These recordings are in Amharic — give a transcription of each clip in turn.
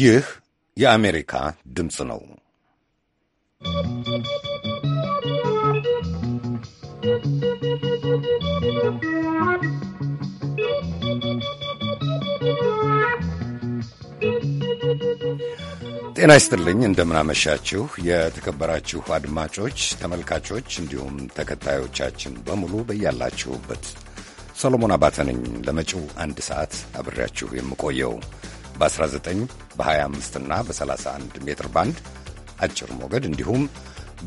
ይህ የአሜሪካ ድምፅ ነው። ጤና ይስጥልኝ። እንደምናመሻችሁ የተከበራችሁ አድማጮች፣ ተመልካቾች እንዲሁም ተከታዮቻችን በሙሉ በያላችሁበት ሰሎሞን አባተ ነኝ። ለመጪው አንድ ሰዓት አብሬያችሁ የምቆየው በ19 በ25 እና በ31 ሜትር ባንድ አጭር ሞገድ እንዲሁም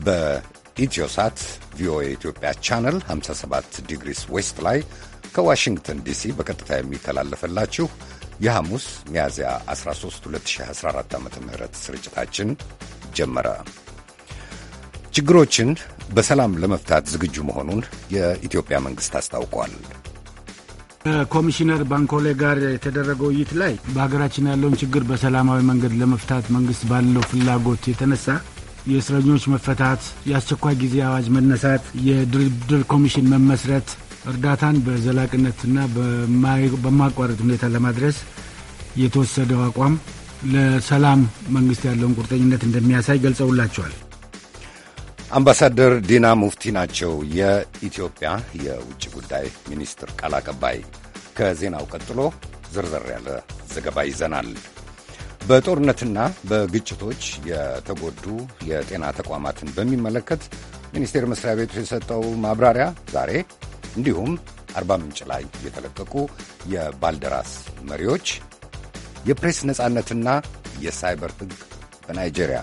በኢትዮሳት ቪኦኤ ኢትዮጵያ ቻነል 57 ዲግሪስ ዌስት ላይ ከዋሽንግተን ዲሲ በቀጥታ የሚተላለፈላችሁ የሐሙስ ሚያዝያ 13 2014 ዓ ም ስርጭታችን ጀመረ። ችግሮችን በሰላም ለመፍታት ዝግጁ መሆኑን የኢትዮጵያ መንግሥት አስታውቋል። ከኮሚሽነር ባንኮሌ ጋር የተደረገው ውይይት ላይ በሀገራችን ያለውን ችግር በሰላማዊ መንገድ ለመፍታት መንግስት ባለው ፍላጎት የተነሳ የእስረኞች መፈታት፣ የአስቸኳይ ጊዜ አዋጅ መነሳት፣ የድርድር ኮሚሽን መመስረት፣ እርዳታን በዘላቂነትና በማቋረጥ ሁኔታ ለማድረስ የተወሰደው አቋም ለሰላም መንግስት ያለውን ቁርጠኝነት እንደሚያሳይ ገልጸውላቸዋል። አምባሳደር ዲና ሙፍቲ ናቸው የኢትዮጵያ የውጭ ጉዳይ ሚኒስትር ቃል አቀባይ። ከዜናው ቀጥሎ ዝርዝር ያለ ዘገባ ይዘናል። በጦርነትና በግጭቶች የተጎዱ የጤና ተቋማትን በሚመለከት ሚኒስቴር መስሪያ ቤቱ የሰጠው ማብራሪያ ዛሬ እንዲሁም አርባ ምንጭ ላይ የተለቀቁ የባልደራስ መሪዎች፣ የፕሬስ ነጻነትና የሳይበር ሕግ በናይጄሪያ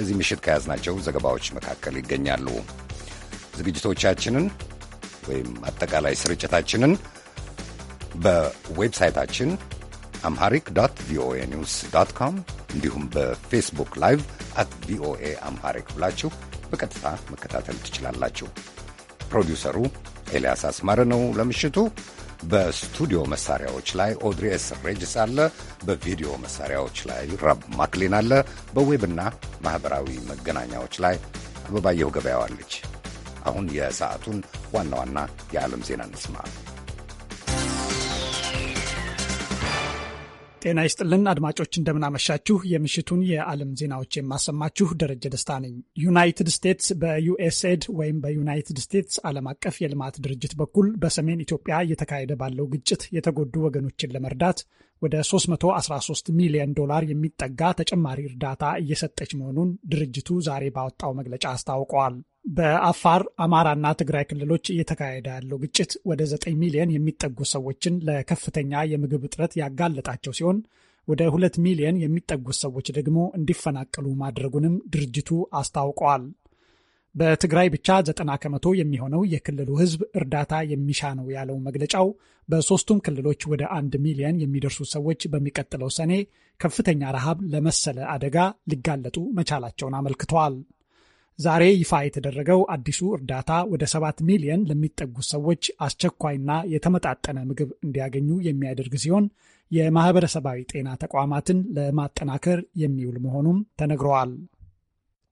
እዚህ ምሽት ከያዝናቸው ዘገባዎች መካከል ይገኛሉ። ዝግጅቶቻችንን ወይም አጠቃላይ ስርጭታችንን በዌብሳይታችን አምሃሪክ ዶት ቪኦኤ ኒውስ ዶት ኮም እንዲሁም በፌስቡክ ላይቭ አት ቪኦኤ አምሃሪክ ብላችሁ በቀጥታ መከታተል ትችላላችሁ። ፕሮዲውሰሩ ኤልያስ አስማረ ነው። ለምሽቱ በስቱዲዮ መሳሪያዎች ላይ ኦድሪስ ሬጅስ አለ። በቪዲዮ መሳሪያዎች ላይ ራብ ማክሊን አለ። በዌብና ማኅበራዊ መገናኛዎች ላይ አበባየሁ ገበያዋለች። አሁን የሰዓቱን ዋና ዋና የዓለም ዜና እንስማ። ጤና ይስጥልን አድማጮች፣ እንደምናመሻችሁ። የምሽቱን የዓለም ዜናዎች የማሰማችሁ ደረጀ ደስታ ነኝ። ዩናይትድ ስቴትስ በዩኤስኤድ ወይም በዩናይትድ ስቴትስ ዓለም አቀፍ የልማት ድርጅት በኩል በሰሜን ኢትዮጵያ እየተካሄደ ባለው ግጭት የተጎዱ ወገኖችን ለመርዳት ወደ 313 ሚሊዮን ዶላር የሚጠጋ ተጨማሪ እርዳታ እየሰጠች መሆኑን ድርጅቱ ዛሬ ባወጣው መግለጫ አስታውቀዋል። በአፋር አማራና ትግራይ ክልሎች እየተካሄደ ያለው ግጭት ወደ ዘጠኝ ሚሊዮን የሚጠጉ ሰዎችን ለከፍተኛ የምግብ እጥረት ያጋለጣቸው ሲሆን ወደ ሁለት ሚሊዮን የሚጠጉ ሰዎች ደግሞ እንዲፈናቀሉ ማድረጉንም ድርጅቱ አስታውቀዋል። በትግራይ ብቻ ዘጠና ከመቶ የሚሆነው የክልሉ ሕዝብ እርዳታ የሚሻ ነው ያለው መግለጫው በሦስቱም ክልሎች ወደ አንድ ሚሊዮን የሚደርሱ ሰዎች በሚቀጥለው ሰኔ ከፍተኛ ረሃብ ለመሰለ አደጋ ሊጋለጡ መቻላቸውን አመልክተዋል። ዛሬ ይፋ የተደረገው አዲሱ እርዳታ ወደ ሰባት ሚሊየን ለሚጠጉ ሰዎች አስቸኳይና የተመጣጠነ ምግብ እንዲያገኙ የሚያደርግ ሲሆን የማህበረሰባዊ ጤና ተቋማትን ለማጠናከር የሚውል መሆኑም ተነግረዋል።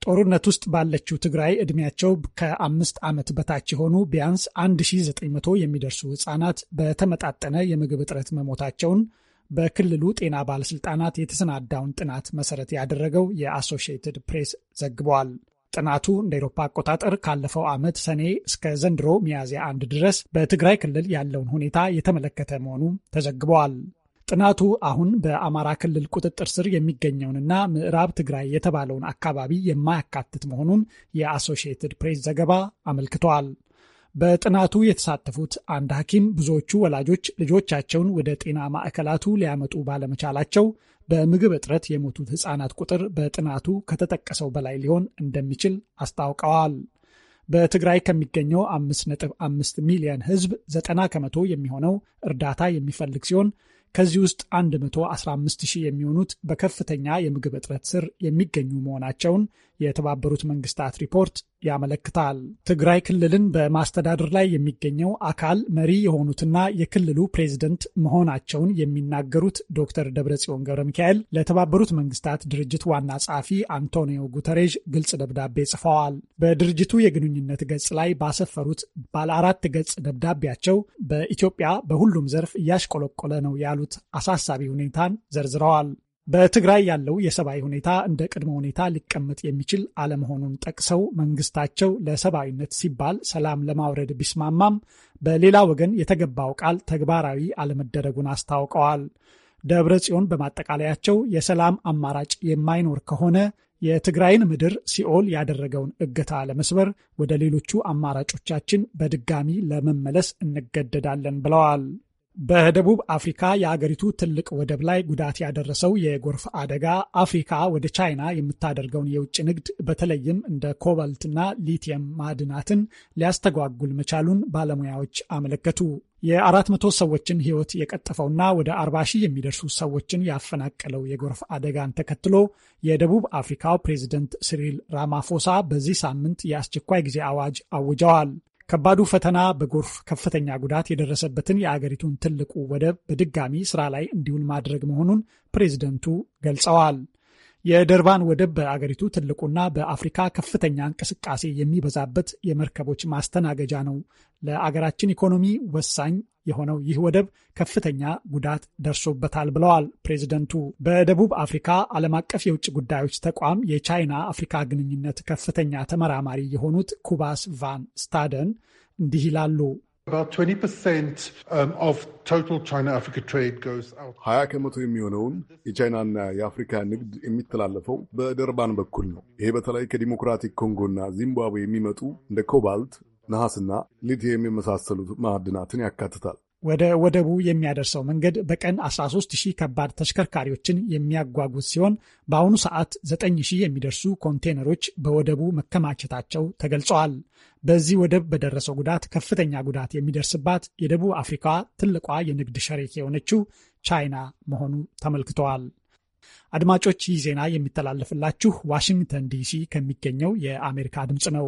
ጦርነት ውስጥ ባለችው ትግራይ ዕድሜያቸው ከአምስት ዓመት በታች የሆኑ ቢያንስ 1900 የሚደርሱ ሕፃናት በተመጣጠነ የምግብ እጥረት መሞታቸውን በክልሉ ጤና ባለሥልጣናት የተሰናዳውን ጥናት መሠረት ያደረገው የአሶሺየትድ ፕሬስ ዘግቧል። ጥናቱ እንደ ኤሮፓ አቆጣጠር ካለፈው ዓመት ሰኔ እስከ ዘንድሮ ሚያዝያ አንድ ድረስ በትግራይ ክልል ያለውን ሁኔታ የተመለከተ መሆኑ ተዘግበዋል። ጥናቱ አሁን በአማራ ክልል ቁጥጥር ስር የሚገኘውንና ምዕራብ ትግራይ የተባለውን አካባቢ የማያካትት መሆኑን የአሶሺየትድ ፕሬስ ዘገባ አመልክተዋል። በጥናቱ የተሳተፉት አንድ ሐኪም ብዙዎቹ ወላጆች ልጆቻቸውን ወደ ጤና ማዕከላቱ ሊያመጡ ባለመቻላቸው በምግብ እጥረት የሞቱት ሕፃናት ቁጥር በጥናቱ ከተጠቀሰው በላይ ሊሆን እንደሚችል አስታውቀዋል። በትግራይ ከሚገኘው 5.5 ሚሊዮን ሕዝብ 90 ከመቶ የሚሆነው እርዳታ የሚፈልግ ሲሆን ከዚህ ውስጥ 115 ሺህ የሚሆኑት በከፍተኛ የምግብ እጥረት ስር የሚገኙ መሆናቸውን የተባበሩት መንግስታት ሪፖርት ያመለክታል። ትግራይ ክልልን በማስተዳደር ላይ የሚገኘው አካል መሪ የሆኑትና የክልሉ ፕሬዝደንት መሆናቸውን የሚናገሩት ዶክተር ደብረጽዮን ገብረ ሚካኤል ለተባበሩት መንግስታት ድርጅት ዋና ጸሐፊ አንቶኒዮ ጉተሬዥ ግልጽ ደብዳቤ ጽፈዋል። በድርጅቱ የግንኙነት ገጽ ላይ ባሰፈሩት ባለ አራት ገጽ ደብዳቤያቸው በኢትዮጵያ በሁሉም ዘርፍ እያሽቆለቆለ ነው ያሉት አሳሳቢ ሁኔታን ዘርዝረዋል። በትግራይ ያለው የሰብአዊ ሁኔታ እንደ ቅድመ ሁኔታ ሊቀመጥ የሚችል አለመሆኑን ጠቅሰው መንግስታቸው ለሰብአዊነት ሲባል ሰላም ለማውረድ ቢስማማም በሌላ ወገን የተገባው ቃል ተግባራዊ አለመደረጉን አስታውቀዋል። ደብረ ጽዮን በማጠቃለያቸው የሰላም አማራጭ የማይኖር ከሆነ የትግራይን ምድር ሲኦል ያደረገውን እገታ ለመስበር ወደ ሌሎቹ አማራጮቻችን በድጋሚ ለመመለስ እንገደዳለን ብለዋል። በደቡብ አፍሪካ የአገሪቱ ትልቅ ወደብ ላይ ጉዳት ያደረሰው የጎርፍ አደጋ አፍሪካ ወደ ቻይና የምታደርገውን የውጭ ንግድ በተለይም እንደ ኮባልትና ሊቲየም ማዕድናትን ሊያስተጓጉል መቻሉን ባለሙያዎች አመለከቱ። የ የ400 ሰዎችን ሕይወት የቀጠፈውና ወደ 40 ሺህ የሚደርሱ ሰዎችን ያፈናቀለው የጎርፍ አደጋን ተከትሎ የደቡብ አፍሪካው ፕሬዚደንት ሲሪል ራማፎሳ በዚህ ሳምንት የአስቸኳይ ጊዜ አዋጅ አውጀዋል። ከባዱ ፈተና በጎርፍ ከፍተኛ ጉዳት የደረሰበትን የአገሪቱን ትልቁ ወደብ በድጋሚ ስራ ላይ እንዲውል ማድረግ መሆኑን ፕሬዝደንቱ ገልጸዋል። የደርባን ወደብ በአገሪቱ ትልቁና በአፍሪካ ከፍተኛ እንቅስቃሴ የሚበዛበት የመርከቦች ማስተናገጃ ነው። ለአገራችን ኢኮኖሚ ወሳኝ የሆነው ይህ ወደብ ከፍተኛ ጉዳት ደርሶበታል ብለዋል ፕሬዚደንቱ። በደቡብ አፍሪካ ዓለም አቀፍ የውጭ ጉዳዮች ተቋም የቻይና አፍሪካ ግንኙነት ከፍተኛ ተመራማሪ የሆኑት ኩባስ ቫን ስታደን እንዲህ ይላሉ። Um, ሀያ ከመቶ የሚሆነውን የቻይናና የአፍሪካ ንግድ የሚተላለፈው በደርባን በኩል ነው። ይሄ በተለይ ከዲሞክራቲክ ኮንጎና ዚምባብዌ የሚመጡ እንደ ኮባልት፣ ነሐስና ሊቲየም የመሳሰሉት ማዕድናትን ያካትታል። ወደ ወደቡ የሚያደርሰው መንገድ በቀን 13 ሺህ ከባድ ተሽከርካሪዎችን የሚያጓጉዝ ሲሆን በአሁኑ ሰዓት 9 ሺህ የሚደርሱ ኮንቴነሮች በወደቡ መከማቸታቸው ተገልጸዋል። በዚህ ወደብ በደረሰው ጉዳት ከፍተኛ ጉዳት የሚደርስባት የደቡብ አፍሪካ ትልቋ የንግድ ሸሪክ የሆነችው ቻይና መሆኑ ተመልክተዋል። አድማጮች ይህ ዜና የሚተላለፍላችሁ ዋሽንግተን ዲሲ ከሚገኘው የአሜሪካ ድምፅ ነው።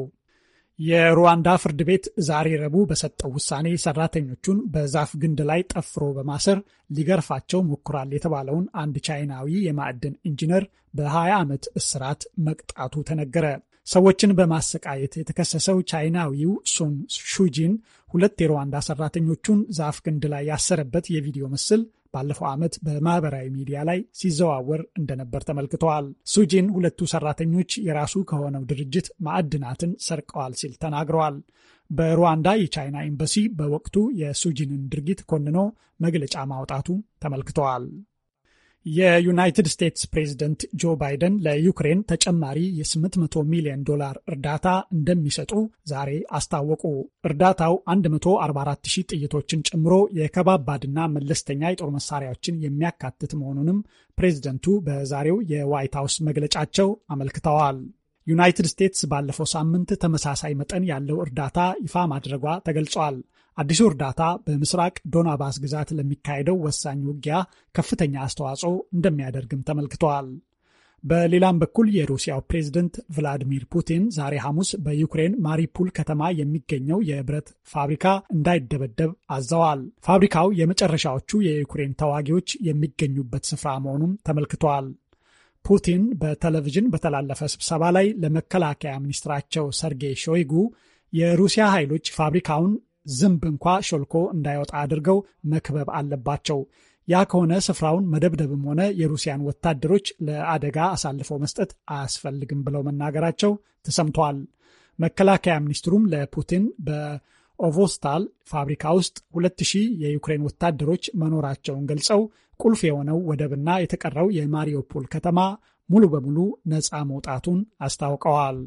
የሩዋንዳ ፍርድ ቤት ዛሬ ረቡዕ በሰጠው ውሳኔ ሰራተኞቹን በዛፍ ግንድ ላይ ጠፍሮ በማሰር ሊገርፋቸው ሞክሯል የተባለውን አንድ ቻይናዊ የማዕድን ኢንጂነር በ20 ዓመት እስራት መቅጣቱ ተነገረ። ሰዎችን በማሰቃየት የተከሰሰው ቻይናዊው ሱን ሹጂን ሁለት የሩዋንዳ ሰራተኞቹን ዛፍ ግንድ ላይ ያሰረበት የቪዲዮ ምስል ባለፈው ዓመት በማህበራዊ ሚዲያ ላይ ሲዘዋወር እንደነበር ተመልክተዋል። ሱጂን ሁለቱ ሰራተኞች የራሱ ከሆነው ድርጅት ማዕድናትን ሰርቀዋል ሲል ተናግረዋል። በሩዋንዳ የቻይና ኤምባሲ በወቅቱ የሱጂንን ድርጊት ኮንኖ መግለጫ ማውጣቱ ተመልክተዋል። የዩናይትድ ስቴትስ ፕሬዝደንት ጆ ባይደን ለዩክሬን ተጨማሪ የ800 ሚሊዮን ዶላር እርዳታ እንደሚሰጡ ዛሬ አስታወቁ። እርዳታው 144,000 ጥይቶችን ጨምሮ የከባባድና መለስተኛ የጦር መሳሪያዎችን የሚያካትት መሆኑንም ፕሬዝደንቱ በዛሬው የዋይት ሀውስ መግለጫቸው አመልክተዋል። ዩናይትድ ስቴትስ ባለፈው ሳምንት ተመሳሳይ መጠን ያለው እርዳታ ይፋ ማድረጓ ተገልጿል። አዲሱ እርዳታ በምስራቅ ዶናባስ ግዛት ለሚካሄደው ወሳኝ ውጊያ ከፍተኛ አስተዋጽኦ እንደሚያደርግም ተመልክተዋል። በሌላም በኩል የሩሲያው ፕሬዝደንት ቭላዲሚር ፑቲን ዛሬ ሐሙስ በዩክሬን ማሪፑል ከተማ የሚገኘው የብረት ፋብሪካ እንዳይደበደብ አዘዋል። ፋብሪካው የመጨረሻዎቹ የዩክሬን ተዋጊዎች የሚገኙበት ስፍራ መሆኑም ተመልክተዋል። ፑቲን በቴሌቪዥን በተላለፈ ስብሰባ ላይ ለመከላከያ ሚኒስትራቸው ሰርጌይ ሾይጉ የሩሲያ ኃይሎች ፋብሪካውን ዝንብ እንኳ ሾልኮ እንዳይወጣ አድርገው መክበብ አለባቸው። ያ ከሆነ ስፍራውን መደብደብም ሆነ የሩሲያን ወታደሮች ለአደጋ አሳልፈው መስጠት አያስፈልግም ብለው መናገራቸው ተሰምተዋል። መከላከያ ሚኒስትሩም ለፑቲን በኦቮስታል ፋብሪካ ውስጥ ሁለት ሺህ የዩክሬን ወታደሮች መኖራቸውን ገልጸው ቁልፍ የሆነው ወደብና የተቀረው የማሪዮፖል ከተማ ሙሉ በሙሉ ነፃ መውጣቱን አስታውቀዋል።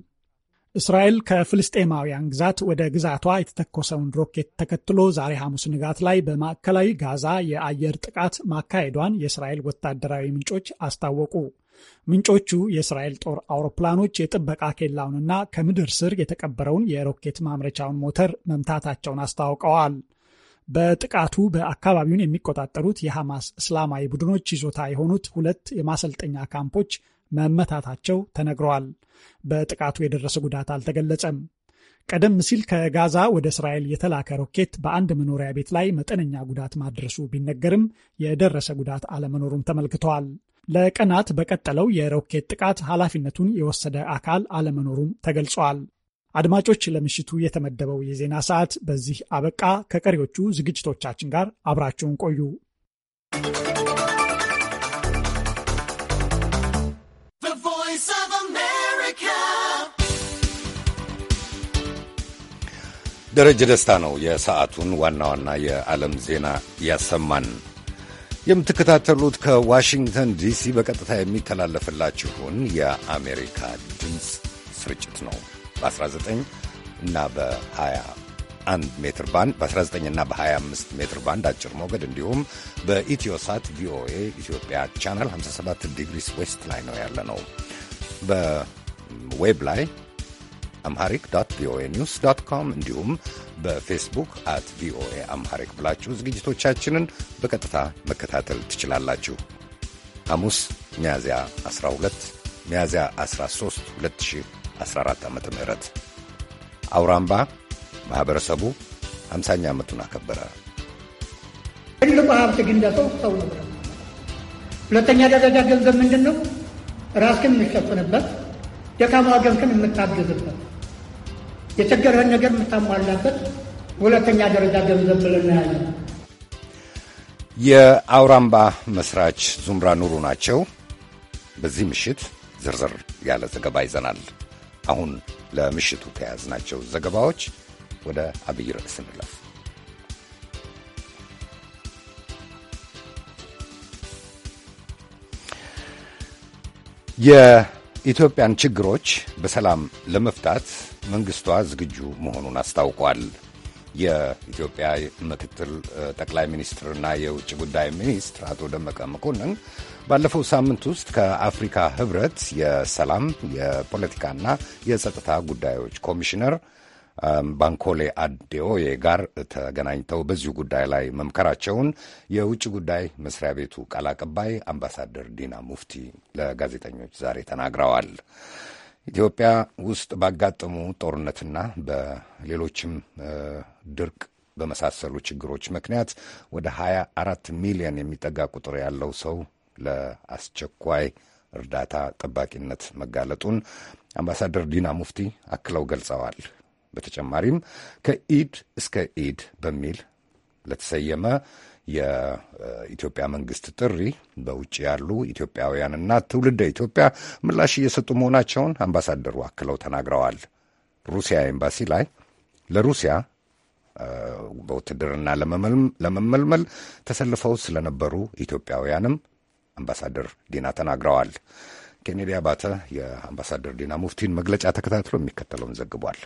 እስራኤል ከፍልስጤማውያን ግዛት ወደ ግዛቷ የተተኮሰውን ሮኬት ተከትሎ ዛሬ ሐሙስ ንጋት ላይ በማዕከላዊ ጋዛ የአየር ጥቃት ማካሄዷን የእስራኤል ወታደራዊ ምንጮች አስታወቁ። ምንጮቹ የእስራኤል ጦር አውሮፕላኖች የጥበቃ ኬላውንና ከምድር ስር የተቀበረውን የሮኬት ማምረቻውን ሞተር መምታታቸውን አስታውቀዋል። በጥቃቱ በአካባቢውን የሚቆጣጠሩት የሐማስ እስላማዊ ቡድኖች ይዞታ የሆኑት ሁለት የማሰልጠኛ ካምፖች መመታታቸው ተነግረዋል። በጥቃቱ የደረሰ ጉዳት አልተገለጸም። ቀደም ሲል ከጋዛ ወደ እስራኤል የተላከ ሮኬት በአንድ መኖሪያ ቤት ላይ መጠነኛ ጉዳት ማድረሱ ቢነገርም የደረሰ ጉዳት አለመኖሩም ተመልክተዋል። ለቀናት በቀጠለው የሮኬት ጥቃት ኃላፊነቱን የወሰደ አካል አለመኖሩም ተገልጿል። አድማጮች፣ ለምሽቱ የተመደበው የዜና ሰዓት በዚህ አበቃ። ከቀሪዎቹ ዝግጅቶቻችን ጋር አብራችሁን ቆዩ። ደረጀ ደስታ ነው የሰዓቱን ዋና ዋና የዓለም ዜና ያሰማን። የምትከታተሉት ከዋሽንግተን ዲሲ በቀጥታ የሚተላለፍላችሁን የአሜሪካ ድምፅ ስርጭት ነው። በ19 እና በ21 ሜትር ባንድ በ19 እና በ25 ሜትር ባንድ አጭር ሞገድ እንዲሁም በኢትዮሳት ቪኦኤ ኢትዮጵያ ቻናል 57 ዲግሪስ ዌስት ላይ ነው ያለ ነው። በዌብ ላይ አምሃሪክ ዶት ቪኦኤ ኒውስ ዶት ኮም እንዲሁም በፌስቡክ አት ቪኦኤ አምሃሪክ ብላችሁ ዝግጅቶቻችንን በቀጥታ መከታተል ትችላላችሁ። ሐሙስ ሚያዝያ 12 ሚያዝያ 13 2014 ዓ ም አውራምባ ማኅበረሰቡ 50ኛ ዓመቱን አከበረ። ትልቁ ሀብት ግን ሰው ነው። ሁለተኛ ደረጃ ገንዘብ ምንድን ነው? ራስክን የምትሸፍንበት፣ ደካማ ወገንክን የምታግዝበት የቸገረህን ነገር የምታሟላበት ሁለተኛ ደረጃ ገንዘብ ብለን የአውራምባ መስራች ዙምራ ኑሩ ናቸው። በዚህ ምሽት ዝርዝር ያለ ዘገባ ይዘናል። አሁን ለምሽቱ ከያዝናቸው ዘገባዎች ወደ አብይ ርዕስ እንለፍ። የኢትዮጵያን ችግሮች በሰላም ለመፍታት መንግስቷ ዝግጁ መሆኑን አስታውቋል። የኢትዮጵያ ምክትል ጠቅላይ ሚኒስትርና የውጭ ጉዳይ ሚኒስትር አቶ ደመቀ መኮንን ባለፈው ሳምንት ውስጥ ከአፍሪካ ህብረት የሰላም የፖለቲካና የጸጥታ ጉዳዮች ኮሚሽነር ባንኮሌ አዴኦዬ ጋር ተገናኝተው በዚሁ ጉዳይ ላይ መምከራቸውን የውጭ ጉዳይ መስሪያ ቤቱ ቃል አቀባይ አምባሳደር ዲና ሙፍቲ ለጋዜጠኞች ዛሬ ተናግረዋል። ኢትዮጵያ ውስጥ ባጋጠሙ ጦርነትና በሌሎችም ድርቅ በመሳሰሉ ችግሮች ምክንያት ወደ 24 ሚሊዮን የሚጠጋ ቁጥር ያለው ሰው ለአስቸኳይ እርዳታ ጠባቂነት መጋለጡን አምባሳደር ዲና ሙፍቲ አክለው ገልጸዋል። በተጨማሪም ከኢድ እስከ ኢድ በሚል ለተሰየመ የኢትዮጵያ መንግስት ጥሪ በውጭ ያሉ ኢትዮጵያውያንና ትውልደ ኢትዮጵያ ምላሽ እየሰጡ መሆናቸውን አምባሳደሩ አክለው ተናግረዋል። ሩሲያ ኤምባሲ ላይ ለሩሲያ በውትድርና ለመመልመል ተሰልፈው ስለነበሩ ኢትዮጵያውያንም አምባሳደር ዲና ተናግረዋል። ኬኔዲ አባተ የአምባሳደር ዲና ሙፍቲን መግለጫ ተከታትሎ የሚከተለውን ዘግቧል።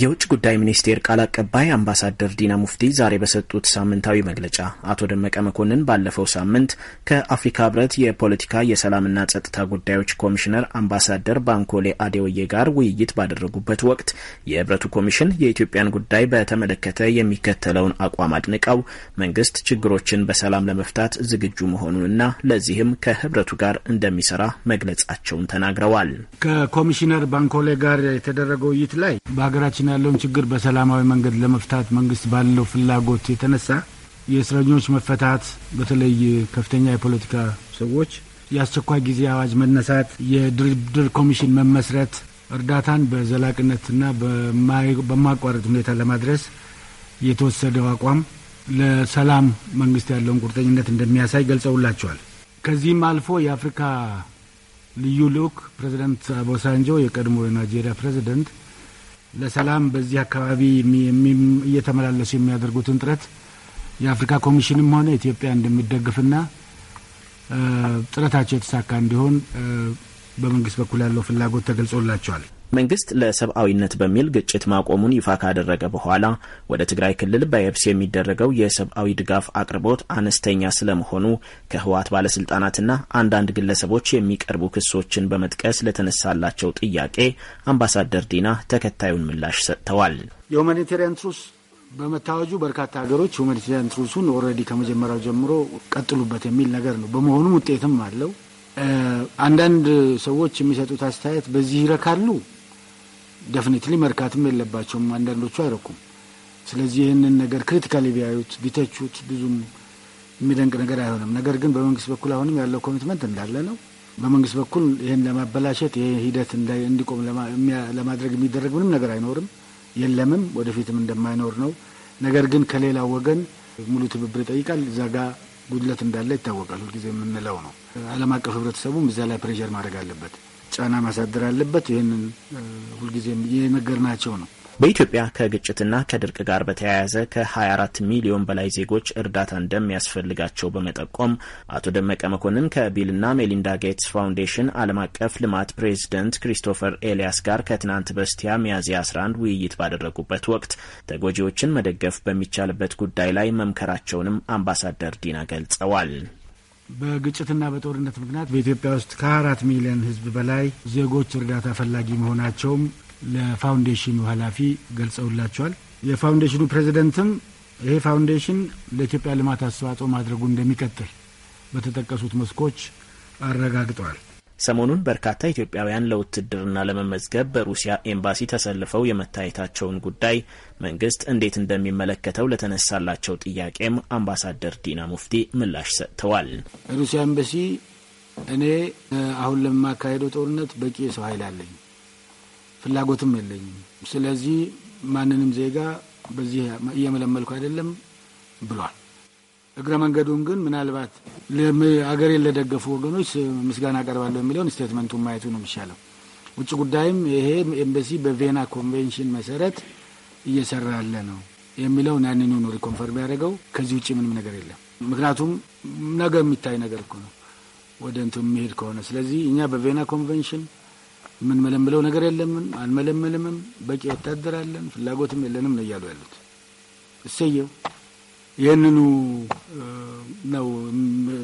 የውጭ ጉዳይ ሚኒስቴር ቃል አቀባይ አምባሳደር ዲና ሙፍቲ ዛሬ በሰጡት ሳምንታዊ መግለጫ አቶ ደመቀ መኮንን ባለፈው ሳምንት ከአፍሪካ ህብረት የፖለቲካ የሰላምና ጸጥታ ጉዳዮች ኮሚሽነር አምባሳደር ባንኮሌ አዴወዬ ጋር ውይይት ባደረጉበት ወቅት የህብረቱ ኮሚሽን የኢትዮጵያን ጉዳይ በተመለከተ የሚከተለውን አቋም አድንቀው መንግስት ችግሮችን በሰላም ለመፍታት ዝግጁ መሆኑንና ለዚህም ከህብረቱ ጋር እንደሚሰራ መግለጻቸውን ተናግረዋል። ከኮሚሽነር ባንኮሌ ጋር የተደረገው ውይይት ላይ በሀገራችን በሀገራችን ያለውን ችግር በሰላማዊ መንገድ ለመፍታት መንግስት ባለው ፍላጎት የተነሳ የእስረኞች መፈታት፣ በተለይ ከፍተኛ የፖለቲካ ሰዎች፣ የአስቸኳይ ጊዜ አዋጅ መነሳት፣ የድርድር ኮሚሽን መመስረት፣ እርዳታን በዘላቂነትና በማቋረጥ ሁኔታ ለማድረስ የተወሰደው አቋም ለሰላም መንግስት ያለውን ቁርጠኝነት እንደሚያሳይ ገልጸውላቸዋል። ከዚህም አልፎ የአፍሪካ ልዩ ልኡክ ፕሬዚደንት አቦሳንጆ የቀድሞ የናይጄሪያ ፕሬዚደንት ለሰላም በዚህ አካባቢ እየተመላለሱ የሚያደርጉትን ጥረት የአፍሪካ ኮሚሽንም ሆነ ኢትዮጵያ እንደሚደግፍና ጥረታቸው የተሳካ እንዲሆን በመንግስት በኩል ያለው ፍላጎት ተገልጾላቸዋል። መንግስት ለሰብአዊነት በሚል ግጭት ማቆሙን ይፋ ካደረገ በኋላ ወደ ትግራይ ክልል በየብስ የሚደረገው የሰብአዊ ድጋፍ አቅርቦት አነስተኛ ስለመሆኑ ከህወሓት ባለስልጣናትና አንዳንድ ግለሰቦች የሚቀርቡ ክሶችን በመጥቀስ ለተነሳላቸው ጥያቄ አምባሳደር ዲና ተከታዩን ምላሽ ሰጥተዋል። የሁማኒቴሪያን ትሩስ በመታወጁ በርካታ ሀገሮች ሁማኒቴሪያን ትሩሱን ኦልሬዲ ከመጀመሪያው ጀምሮ ቀጥሉበት የሚል ነገር ነው። በመሆኑም ውጤትም አለው። አንዳንድ ሰዎች የሚሰጡት አስተያየት በዚህ ይረካሉ ደፍኒትሊ መርካትም የለባቸውም አንዳንዶቹ አይረኩም። ስለዚህ ይህንን ነገር ክሪቲካሊ ቢያዩት ቢተቹት ብዙም የሚደንቅ ነገር አይሆንም። ነገር ግን በመንግስት በኩል አሁንም ያለው ኮሚትመንት እንዳለ ነው። በመንግስት በኩል ይህን ለማበላሸት ይህ ሂደት እንዲቆም ለማድረግ የሚደረግ ምንም ነገር አይኖርም፣ የለምም፣ ወደፊትም እንደማይኖር ነው። ነገር ግን ከሌላ ወገን ሙሉ ትብብር ይጠይቃል። እዛ ጋ ጉድለት እንዳለ ይታወቃል። ሁልጊዜ የምንለው ነው። ዓለም አቀፍ ህብረተሰቡም እዛ ላይ ፕሬዠር ማድረግ አለበት። ጫና ማሳደር አለበት። ይህንን ሁልጊዜም የነገርናቸው ነው። በኢትዮጵያ ከግጭትና ከድርቅ ጋር በተያያዘ ከ24 ሚሊዮን በላይ ዜጎች እርዳታ እንደሚያስፈልጋቸው በመጠቆም አቶ ደመቀ መኮንን ከቢልና ሜሊንዳ ጌትስ ፋውንዴሽን ዓለም አቀፍ ልማት ፕሬዚደንት ክሪስቶፈር ኤሊያስ ጋር ከትናንት በስቲያ ሚያዝያ 11 ውይይት ባደረጉበት ወቅት ተጎጂዎችን መደገፍ በሚቻልበት ጉዳይ ላይ መምከራቸውንም አምባሳደር ዲና ገልጸዋል። በግጭትና በጦርነት ምክንያት በኢትዮጵያ ውስጥ ከአራት ሚሊዮን ህዝብ በላይ ዜጎች እርዳታ ፈላጊ መሆናቸውም ለፋውንዴሽኑ ኃላፊ ገልጸውላቸዋል። የፋውንዴሽኑ ፕሬዚደንትም ይሄ ፋውንዴሽን ለኢትዮጵያ ልማት አስተዋጽኦ ማድረጉ እንደሚቀጥል በተጠቀሱት መስኮች አረጋግጠዋል። ሰሞኑን በርካታ ኢትዮጵያውያን ለውትድርና ለመመዝገብ በሩሲያ ኤምባሲ ተሰልፈው የመታየታቸውን ጉዳይ መንግስት እንዴት እንደሚመለከተው ለተነሳላቸው ጥያቄም አምባሳደር ዲና ሙፍቲ ምላሽ ሰጥተዋል። ሩሲያ ኤምባሲ እኔ አሁን ለማካሄደው ጦርነት በቂ የሰው ኃይል አለኝ፣ ፍላጎትም የለኝም። ስለዚህ ማንንም ዜጋ በዚህ እየመለመልኩ አይደለም ብሏል። እግረ መንገዱን ግን ምናልባት አገሬን ለደገፉ ወገኖች ምስጋና አቀርባለሁ የሚለውን ስቴትመንቱን ማየቱ ነው የሚሻለው። ውጭ ጉዳይም ይሄ ኤምበሲ በቬና ኮንቬንሽን መሰረት እየሰራ ያለ ነው የሚለውን ያንኑ ኖ ኮንፈርም ያደረገው። ከዚህ ውጭ ምንም ነገር የለም። ምክንያቱም ነገ የሚታይ ነገር እኮ ነው ወደ እንትን የሚሄድ ከሆነ። ስለዚህ እኛ በቬና ኮንቬንሽን የምንመለምለው ነገር የለምን፣ አንመለምልምም። በቂ ወታደር አለን፣ ፍላጎትም የለንም ነው እያሉ ያሉት። እሰየው ይህንኑ ነው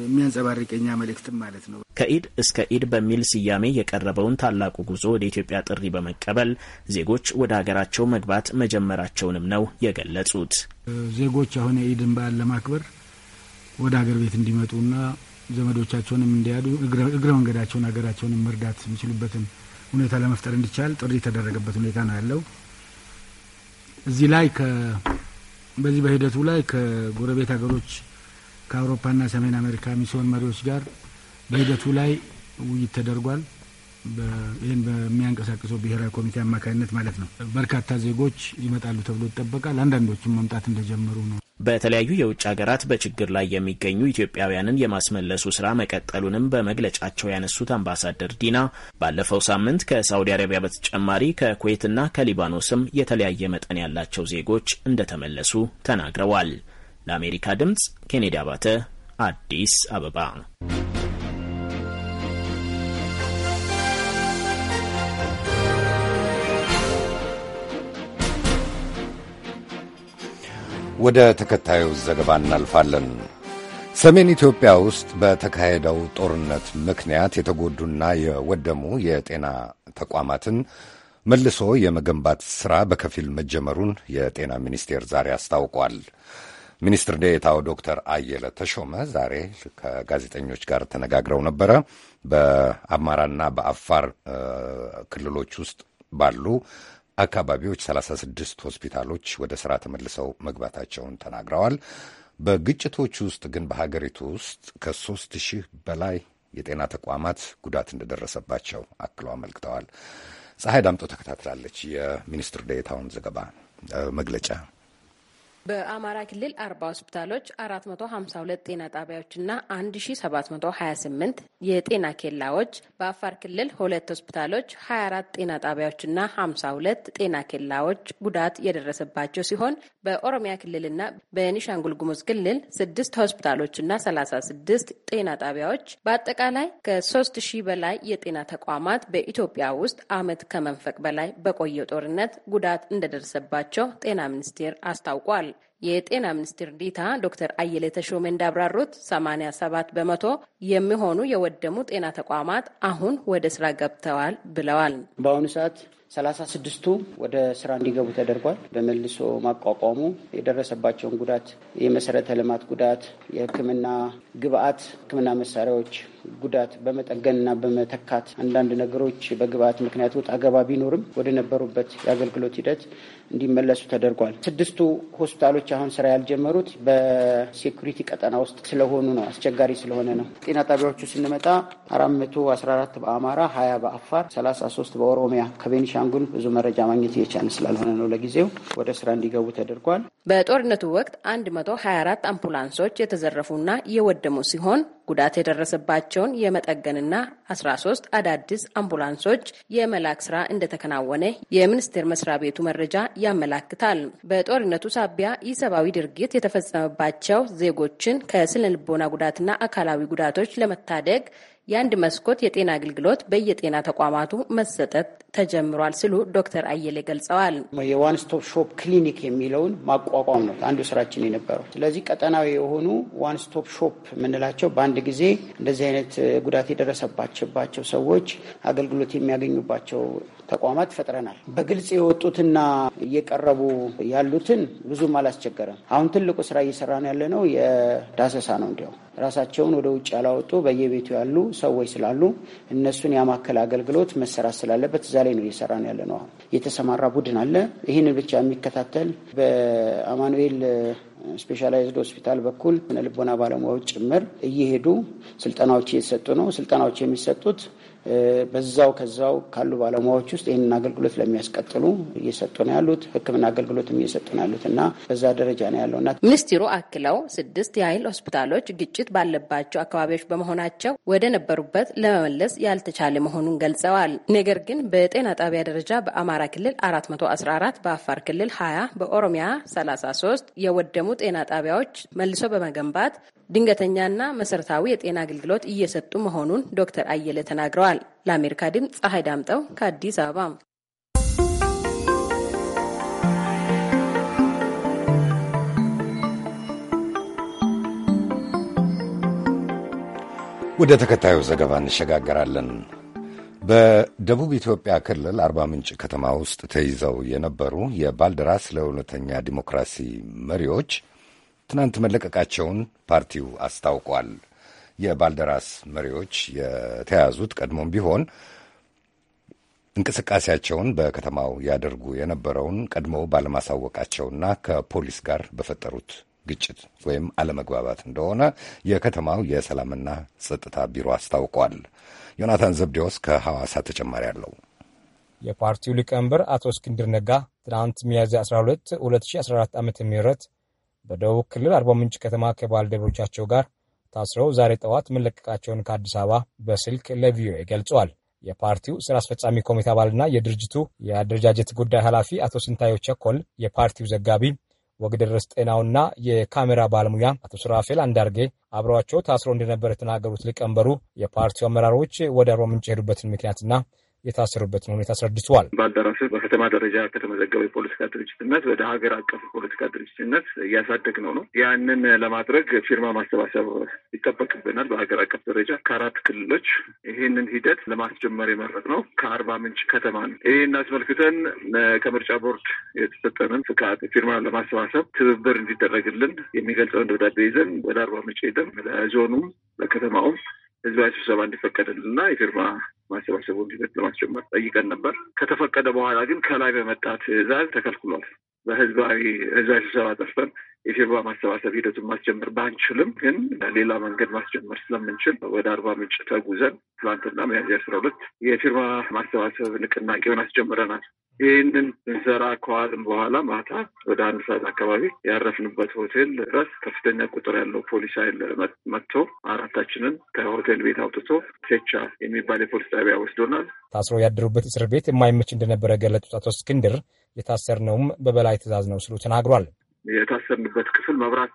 የሚያንጸባርቀኛ መልእክትም ማለት ነው። ከኢድ እስከ ኢድ በሚል ስያሜ የቀረበውን ታላቁ ጉዞ ወደ ኢትዮጵያ ጥሪ በመቀበል ዜጎች ወደ ሀገራቸው መግባት መጀመራቸውንም ነው የገለጹት። ዜጎች አሁን የኢድን በዓል ለማክበር ወደ ሀገር ቤት እንዲመጡና ዘመዶቻቸውንም እንዲያዱ እግረ መንገዳቸውን ሀገራቸውንም መርዳት የሚችሉበትን ሁኔታ ለመፍጠር እንዲቻል ጥሪ የተደረገበት ሁኔታ ነው ያለው እዚህ ላይ በዚህ በሂደቱ ላይ ከጎረቤት ሀገሮች ከአውሮፓና ሰሜን አሜሪካ ሚስዮን መሪዎች ጋር በሂደቱ ላይ ውይይት ተደርጓል። ይህን በሚያንቀሳቅሰው ብሔራዊ ኮሚቴ አማካኝነት ማለት ነው። በርካታ ዜጎች ይመጣሉ ተብሎ ይጠበቃል። አንዳንዶችም መምጣት እንደጀመሩ ነው። በተለያዩ የውጭ ሀገራት በችግር ላይ የሚገኙ ኢትዮጵያውያንን የማስመለሱ ስራ መቀጠሉንም በመግለጫቸው ያነሱት አምባሳደር ዲና ባለፈው ሳምንት ከሳውዲ አረቢያ በተጨማሪ ከኩዌትና ከሊባኖስም የተለያየ መጠን ያላቸው ዜጎች እንደተመለሱ ተናግረዋል። ለአሜሪካ ድምፅ ኬኔዲ አባተ አዲስ አበባ ወደ ተከታዩ ዘገባ እናልፋለን። ሰሜን ኢትዮጵያ ውስጥ በተካሄደው ጦርነት ምክንያት የተጎዱና የወደሙ የጤና ተቋማትን መልሶ የመገንባት ሥራ በከፊል መጀመሩን የጤና ሚኒስቴር ዛሬ አስታውቋል። ሚኒስትር ዴኤታው ዶክተር አየለ ተሾመ ዛሬ ከጋዜጠኞች ጋር ተነጋግረው ነበረ። በአማራና በአፋር ክልሎች ውስጥ ባሉ አካባቢዎች 36 ሆስፒታሎች ወደ ሥራ ተመልሰው መግባታቸውን ተናግረዋል። በግጭቶች ውስጥ ግን በሀገሪቱ ውስጥ ከሦስት ሺህ በላይ የጤና ተቋማት ጉዳት እንደደረሰባቸው አክለው አመልክተዋል። ፀሐይ ዳምጦ ተከታትላለች የሚኒስትር ዴታውን ዘገባ መግለጫ በአማራ ክልል አርባ ሆስፒታሎች አራት መቶ ሀምሳ ሁለት ጤና ጣቢያዎችና አንድ ሺ ሰባት መቶ ሀያ ስምንት የጤና ኬላዎች በአፋር ክልል ሁለት ሆስፒታሎች ሀያ አራት ጤና ጣቢያዎችና ሀምሳ ሁለት ጤና ኬላዎች ጉዳት የደረሰባቸው ሲሆን በኦሮሚያ ክልልና በኒሻንጉል ጉሙዝ ክልል ስድስት ሆስፒታሎችና ሰላሳ ስድስት ጤና ጣቢያዎች በአጠቃላይ ከሶስት ሺህ በላይ የጤና ተቋማት በኢትዮጵያ ውስጥ አመት ከመንፈቅ በላይ በቆየው ጦርነት ጉዳት እንደደረሰባቸው ጤና ሚኒስቴር አስታውቋል። የጤና ሚኒስትር ዴኤታ ዶክተር አየለ ተሾመ እንዳብራሩት 87 በመቶ የሚሆኑ የወደሙ ጤና ተቋማት አሁን ወደ ስራ ገብተዋል ብለዋል። በአሁኑ ሰዓት ሰላሳ ስድስቱ ወደ ስራ እንዲገቡ ተደርጓል። በመልሶ ማቋቋሙ የደረሰባቸውን ጉዳት የመሰረተ ልማት ጉዳት፣ የህክምና ግብአት፣ ህክምና መሳሪያዎች ጉዳት በመጠገንና በመተካት አንዳንድ ነገሮች በግብአት ምክንያት ውጣ ገባ ቢኖርም ወደ ነበሩበት የአገልግሎት ሂደት እንዲመለሱ ተደርጓል። ስድስቱ ሆስፒታሎች አሁን ስራ ያልጀመሩት በሴኩሪቲ ቀጠና ውስጥ ስለሆኑ ነው፣ አስቸጋሪ ስለሆነ ነው። ጤና ጣቢያዎቹ ስንመጣ አራት መቶ አስራ አራት በአማራ ሀያ በአፋር ሰላሳ ሶስት በኦሮሚያ ከቤኒሻንጉል ብዙ መረጃ ማግኘት እየቻለ ስላልሆነ ነው ለጊዜው ወደ ስራ እንዲገቡ ተደርጓል። በጦርነቱ ወቅት አንድ መቶ ሀያ አራት አምቡላንሶች የተዘረፉና የወደሙ ሲሆን ጉዳት የደረሰባቸው ችግራቸውን የመጠገንና 13 አዳዲስ አምቡላንሶች የመላክ ስራ እንደተከናወነ የሚኒስቴር መስሪያ ቤቱ መረጃ ያመላክታል። በጦርነቱ ሳቢያ ኢሰብአዊ ድርጊት የተፈጸመባቸው ዜጎችን ከስነ ልቦና ጉዳትና አካላዊ ጉዳቶች ለመታደግ የአንድ መስኮት የጤና አገልግሎት በየጤና ተቋማቱ መሰጠት ተጀምሯል ሲሉ ዶክተር አየሌ ገልጸዋል። የዋን ስቶፕ ሾፕ ክሊኒክ የሚለውን ማቋቋም ነው አንዱ ስራችን የነበረው። ስለዚህ ቀጠናዊ የሆኑ ዋን ስቶፕ ሾፕ የምንላቸው በአንድ ጊዜ እንደዚህ አይነት ጉዳት የደረሰባቸባቸው ሰዎች አገልግሎት የሚያገኙባቸው ተቋማት ፈጥረናል። በግልጽ የወጡትና እየቀረቡ ያሉትን ብዙም አላስቸገረም። አሁን ትልቁ ስራ እየሰራ ነው ያለ ነው የዳሰሳ ነው እንዲያውም ራሳቸውን ወደ ውጭ ያላወጡ በየቤቱ ያሉ ሰዎች ስላሉ እነሱን ያማከል አገልግሎት መሰራት ስላለበት እዛ ላይ ነው እየሰራ ነው ያለ ነው። የተሰማራ ቡድን አለ። ይህንን ብቻ የሚከታተል በአማኑኤል ስፔሻላይዝድ ሆስፒታል በኩል ስነ ልቦና ባለሙያዎች ጭምር እየሄዱ ስልጠናዎች እየተሰጡ ነው። ስልጠናዎች የሚሰጡት በዛው ከዛው ካሉ ባለሙያዎች ውስጥ ይህንን አገልግሎት ለሚያስቀጥሉ እየሰጡ ነው ያሉት፣ ሕክምና አገልግሎትም እየሰጡ ነው ያሉት እና በዛ ደረጃ ነው ያለውና ሚኒስትሩ አክለው ስድስት የኃይል ሆስፒታሎች ግጭት ባለባቸው አካባቢዎች በመሆናቸው ወደ ነበሩበት ለመመለስ ያልተቻለ መሆኑን ገልጸዋል። ነገር ግን በጤና ጣቢያ ደረጃ በአማራ ክልል 414፣ በአፋር ክልል 20፣ በኦሮሚያ 33 የወደሙ ጤና ጣቢያዎች መልሶ በመገንባት ድንገተኛና መሰረታዊ የጤና አገልግሎት እየሰጡ መሆኑን ዶክተር አየለ ተናግረዋል። ለአሜሪካ ድምፅ ፀሐይ ዳምጠው ከአዲስ አበባ። ወደ ተከታዩ ዘገባ እንሸጋገራለን። በደቡብ ኢትዮጵያ ክልል አርባ ምንጭ ከተማ ውስጥ ተይዘው የነበሩ የባልደራስ ለእውነተኛ ዲሞክራሲ መሪዎች ትናንት መለቀቃቸውን ፓርቲው አስታውቋል። የባልደራስ መሪዎች የተያዙት ቀድሞም ቢሆን እንቅስቃሴያቸውን በከተማው ያደርጉ የነበረውን ቀድሞ ባለማሳወቃቸውና ከፖሊስ ጋር በፈጠሩት ግጭት ወይም አለመግባባት እንደሆነ የከተማው የሰላምና ጸጥታ ቢሮ አስታውቋል። ዮናታን ዘብዴዎስ ከሐዋሳ ተጨማሪ አለው። የፓርቲው ሊቀመንበር አቶ እስክንድር ነጋ ትናንት ሚያዝያ 12 2014 ዓ ም በደቡብ ክልል አርባ ምንጭ ከተማ ከባልደረቦቻቸው ጋር ታስረው ዛሬ ጠዋት መለቀቃቸውን ከአዲስ አበባ በስልክ ለቪኦኤ ገልጸዋል። የፓርቲው ስራ አስፈጻሚ ኮሚቴ አባልና የድርጅቱ የአደረጃጀት ጉዳይ ኃላፊ አቶ ስንታዮ ቸኮል፣ የፓርቲው ዘጋቢ ወግደረስ ጤናውና የካሜራ ባለሙያ አቶ ስራፌል አንዳርጌ አብረዋቸው ታስሮ እንደነበረ የተናገሩት ሊቀመንበሩ የፓርቲው አመራሮች ወደ አርባ ምንጭ የሄዱበትን ምክንያትና የታሰሩበትን ሁኔታ አስረድተዋል። በአዳራሽ በከተማ ደረጃ ከተመዘገበ የፖለቲካ ድርጅትነት ወደ ሀገር አቀፍ የፖለቲካ ድርጅትነት እያሳደግ ነው ነው ያንን ለማድረግ ፊርማ ማሰባሰብ ይጠበቅብናል። በሀገር አቀፍ ደረጃ ከአራት ክልሎች ይህንን ሂደት ለማስጀመር የመረጥ ነው ከአርባ ምንጭ ከተማ ነው። ይህን አስመልክተን ከምርጫ ቦርድ የተሰጠንን ፍቃድ ፊርማ ለማሰባሰብ ትብብር እንዲደረግልን የሚገልጸውን ደብዳቤ ይዘን ወደ አርባ ምንጭ ሄደን ለዞኑም ለከተማውም ህዝባዊ ስብሰባ እንዲፈቀድልን እና የፊርማ ማሰባሰቡ ሂደት ለማስጀመር ጠይቀን ነበር። ከተፈቀደ በኋላ ግን ከላይ በመጣ ትዕዛዝ ተከልክሏል። በህዝባዊ ህዝባዊ ስብሰባ ጠፍተን የፊርማ ማሰባሰብ ሂደቱን ማስጀመር ባንችልም ግን ሌላ መንገድ ማስጀመር ስለምንችል ወደ አርባ ምንጭ ተጉዘን ትላንትና ሚያዝያ አስራ ሁለት የፊርማ ማሰባሰብ ንቅናቄውን አስጀምረናል። ይህንን ስንሰራ ከዋልን በኋላ ማታ ወደ አንድ ሰዓት አካባቢ ያረፍንበት ሆቴል ድረስ ከፍተኛ ቁጥር ያለው ፖሊስ ኃይል መጥቶ አራታችንን ከሆቴል ቤት አውጥቶ ሴቻ የሚባል የፖሊስ ጣቢያ ወስዶናል። ታስሮ ያደሩበት እስር ቤት የማይመች እንደነበረ ገለጹት አቶ እስክንድር የታሰርነውም በበላይ ትእዛዝ ነው ስሉ ተናግሯል። የታሰርንበት ክፍል መብራት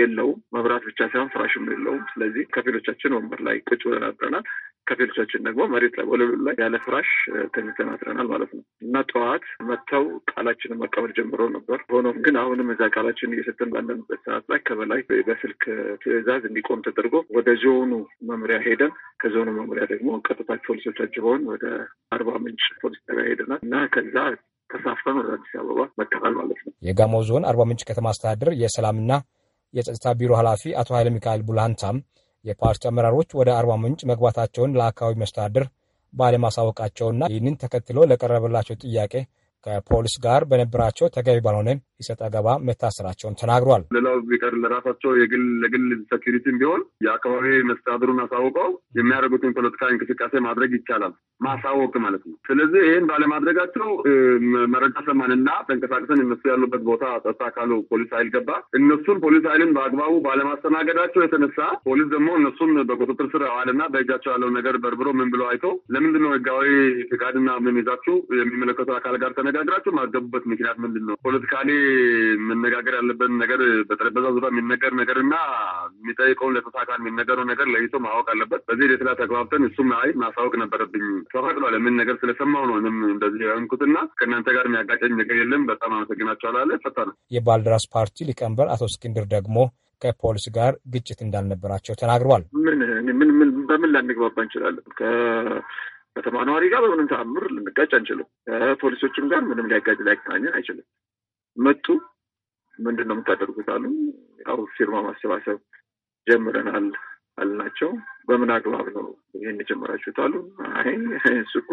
የለውም። መብራት ብቻ ሳይሆን ፍራሽም የለውም። ስለዚህ ከፊሎቻችን ወንበር ላይ ቁጭ ብለን አድረናል። ከፊሎቻችን ደግሞ መሬት ላይ ወለሉ ላይ ያለ ፍራሽ ተኝተን አድረናል ማለት ነው እና ጠዋት መጥተው ቃላችንን መቀበል ጀምሮ ነበር። ሆኖም ግን አሁንም እዛ ቃላችን እየሰጠን ባለንበት ሰዓት ላይ ከበላይ በስልክ ትዕዛዝ እንዲቆም ተደርጎ ወደ ዞኑ መምሪያ ሄደን ከዞኑ መምሪያ ደግሞ ቀጥታ ሆን ወደ አርባ ምንጭ ፖሊስ ጣቢያ ሄደናል እና ከዛ ተሳስፈን ወደ አዲስ አበባ ማለት ነው። የጋሞ ዞን አርባ ምንጭ ከተማ አስተዳደር የሰላምና የጸጥታ ቢሮ ኃላፊ አቶ ኃይለ ሚካኤል ቡላንታም የፓርቲ አመራሮች ወደ አርባ ምንጭ መግባታቸውን ለአካባቢ መስተዳድር ባለማሳወቃቸውና ይህንን ተከትሎ ለቀረበላቸው ጥያቄ ከፖሊስ ጋር በነበራቸው ተገቢ ባልሆነ እሰጥ አገባ መታሰራቸውን ተናግሯል። ሌላው ቢቀር ለራሳቸው ለግል ሴኪሪቲም ቢሆን የአካባቢ መስተዳድሩን አሳውቀው የሚያደርጉትን ፖለቲካዊ እንቅስቃሴ ማድረግ ይቻላል፣ ማሳወቅ ማለት ነው። ስለዚህ ይህን ባለማድረጋቸው መረጃ ሰማንና ተንቀሳቀሰን እነሱ ያሉበት ቦታ ጸጥታ አካሉ ፖሊስ ኃይል ገባ። እነሱን ፖሊስ ኃይልን በአግባቡ ባለማስተናገዳቸው የተነሳ ፖሊስ ደግሞ እነሱን በቁጥጥር ስር አዋልና በእጃቸው ያለው ነገር በርብሮ ምን ብሎ አይቶ ለምንድነው ህጋዊ ፍቃድና ምን ይዛችሁ የሚመለከቱ አካል ጋር ተነጋ ተነጋግራችሁ ማገቡበት ምክንያት ምንድን ነው? ፖለቲካሊ መነጋገር ያለበት ነገር በጠረጴዛ ዙሪያ የሚነገር ነገር እና የሚጠይቀውን ለተሳካል የሚነገረው ነገር ለይቶ ማወቅ አለበት። በዚህ ሌት ላይ ተግባብተን እሱም አይ ማሳወቅ ነበረብኝ ተፈቅዷል የምን ነገር ስለሰማው ነው እም እንደዚህ ያንኩትና ከእናንተ ጋር የሚያጋጨኝ ነገር የለም በጣም አመሰግናቸዋል አለ። ፈታ ነው። የባልደራስ ፓርቲ ሊቀመንበር አቶ እስክንድር ደግሞ ከፖሊስ ጋር ግጭት እንዳልነበራቸው ተናግረዋል። ምን ምን በምን ላንግባባ እንችላለን? ከተማ ነዋሪ ጋር በምንም ተአምር ልንጋጭ አንችልም። ፖሊሶችም ጋር ምንም ሊያጋጭ ሊያገናኘን አይችልም። መጡ። ምንድን ነው የምታደርጉት አሉ። ያው ፊርማ ማሰባሰብ ጀምረናል አልናቸው። በምን አግባብ ነው ይህን የጀመራችሁት አሉ። አይ እሱ እኮ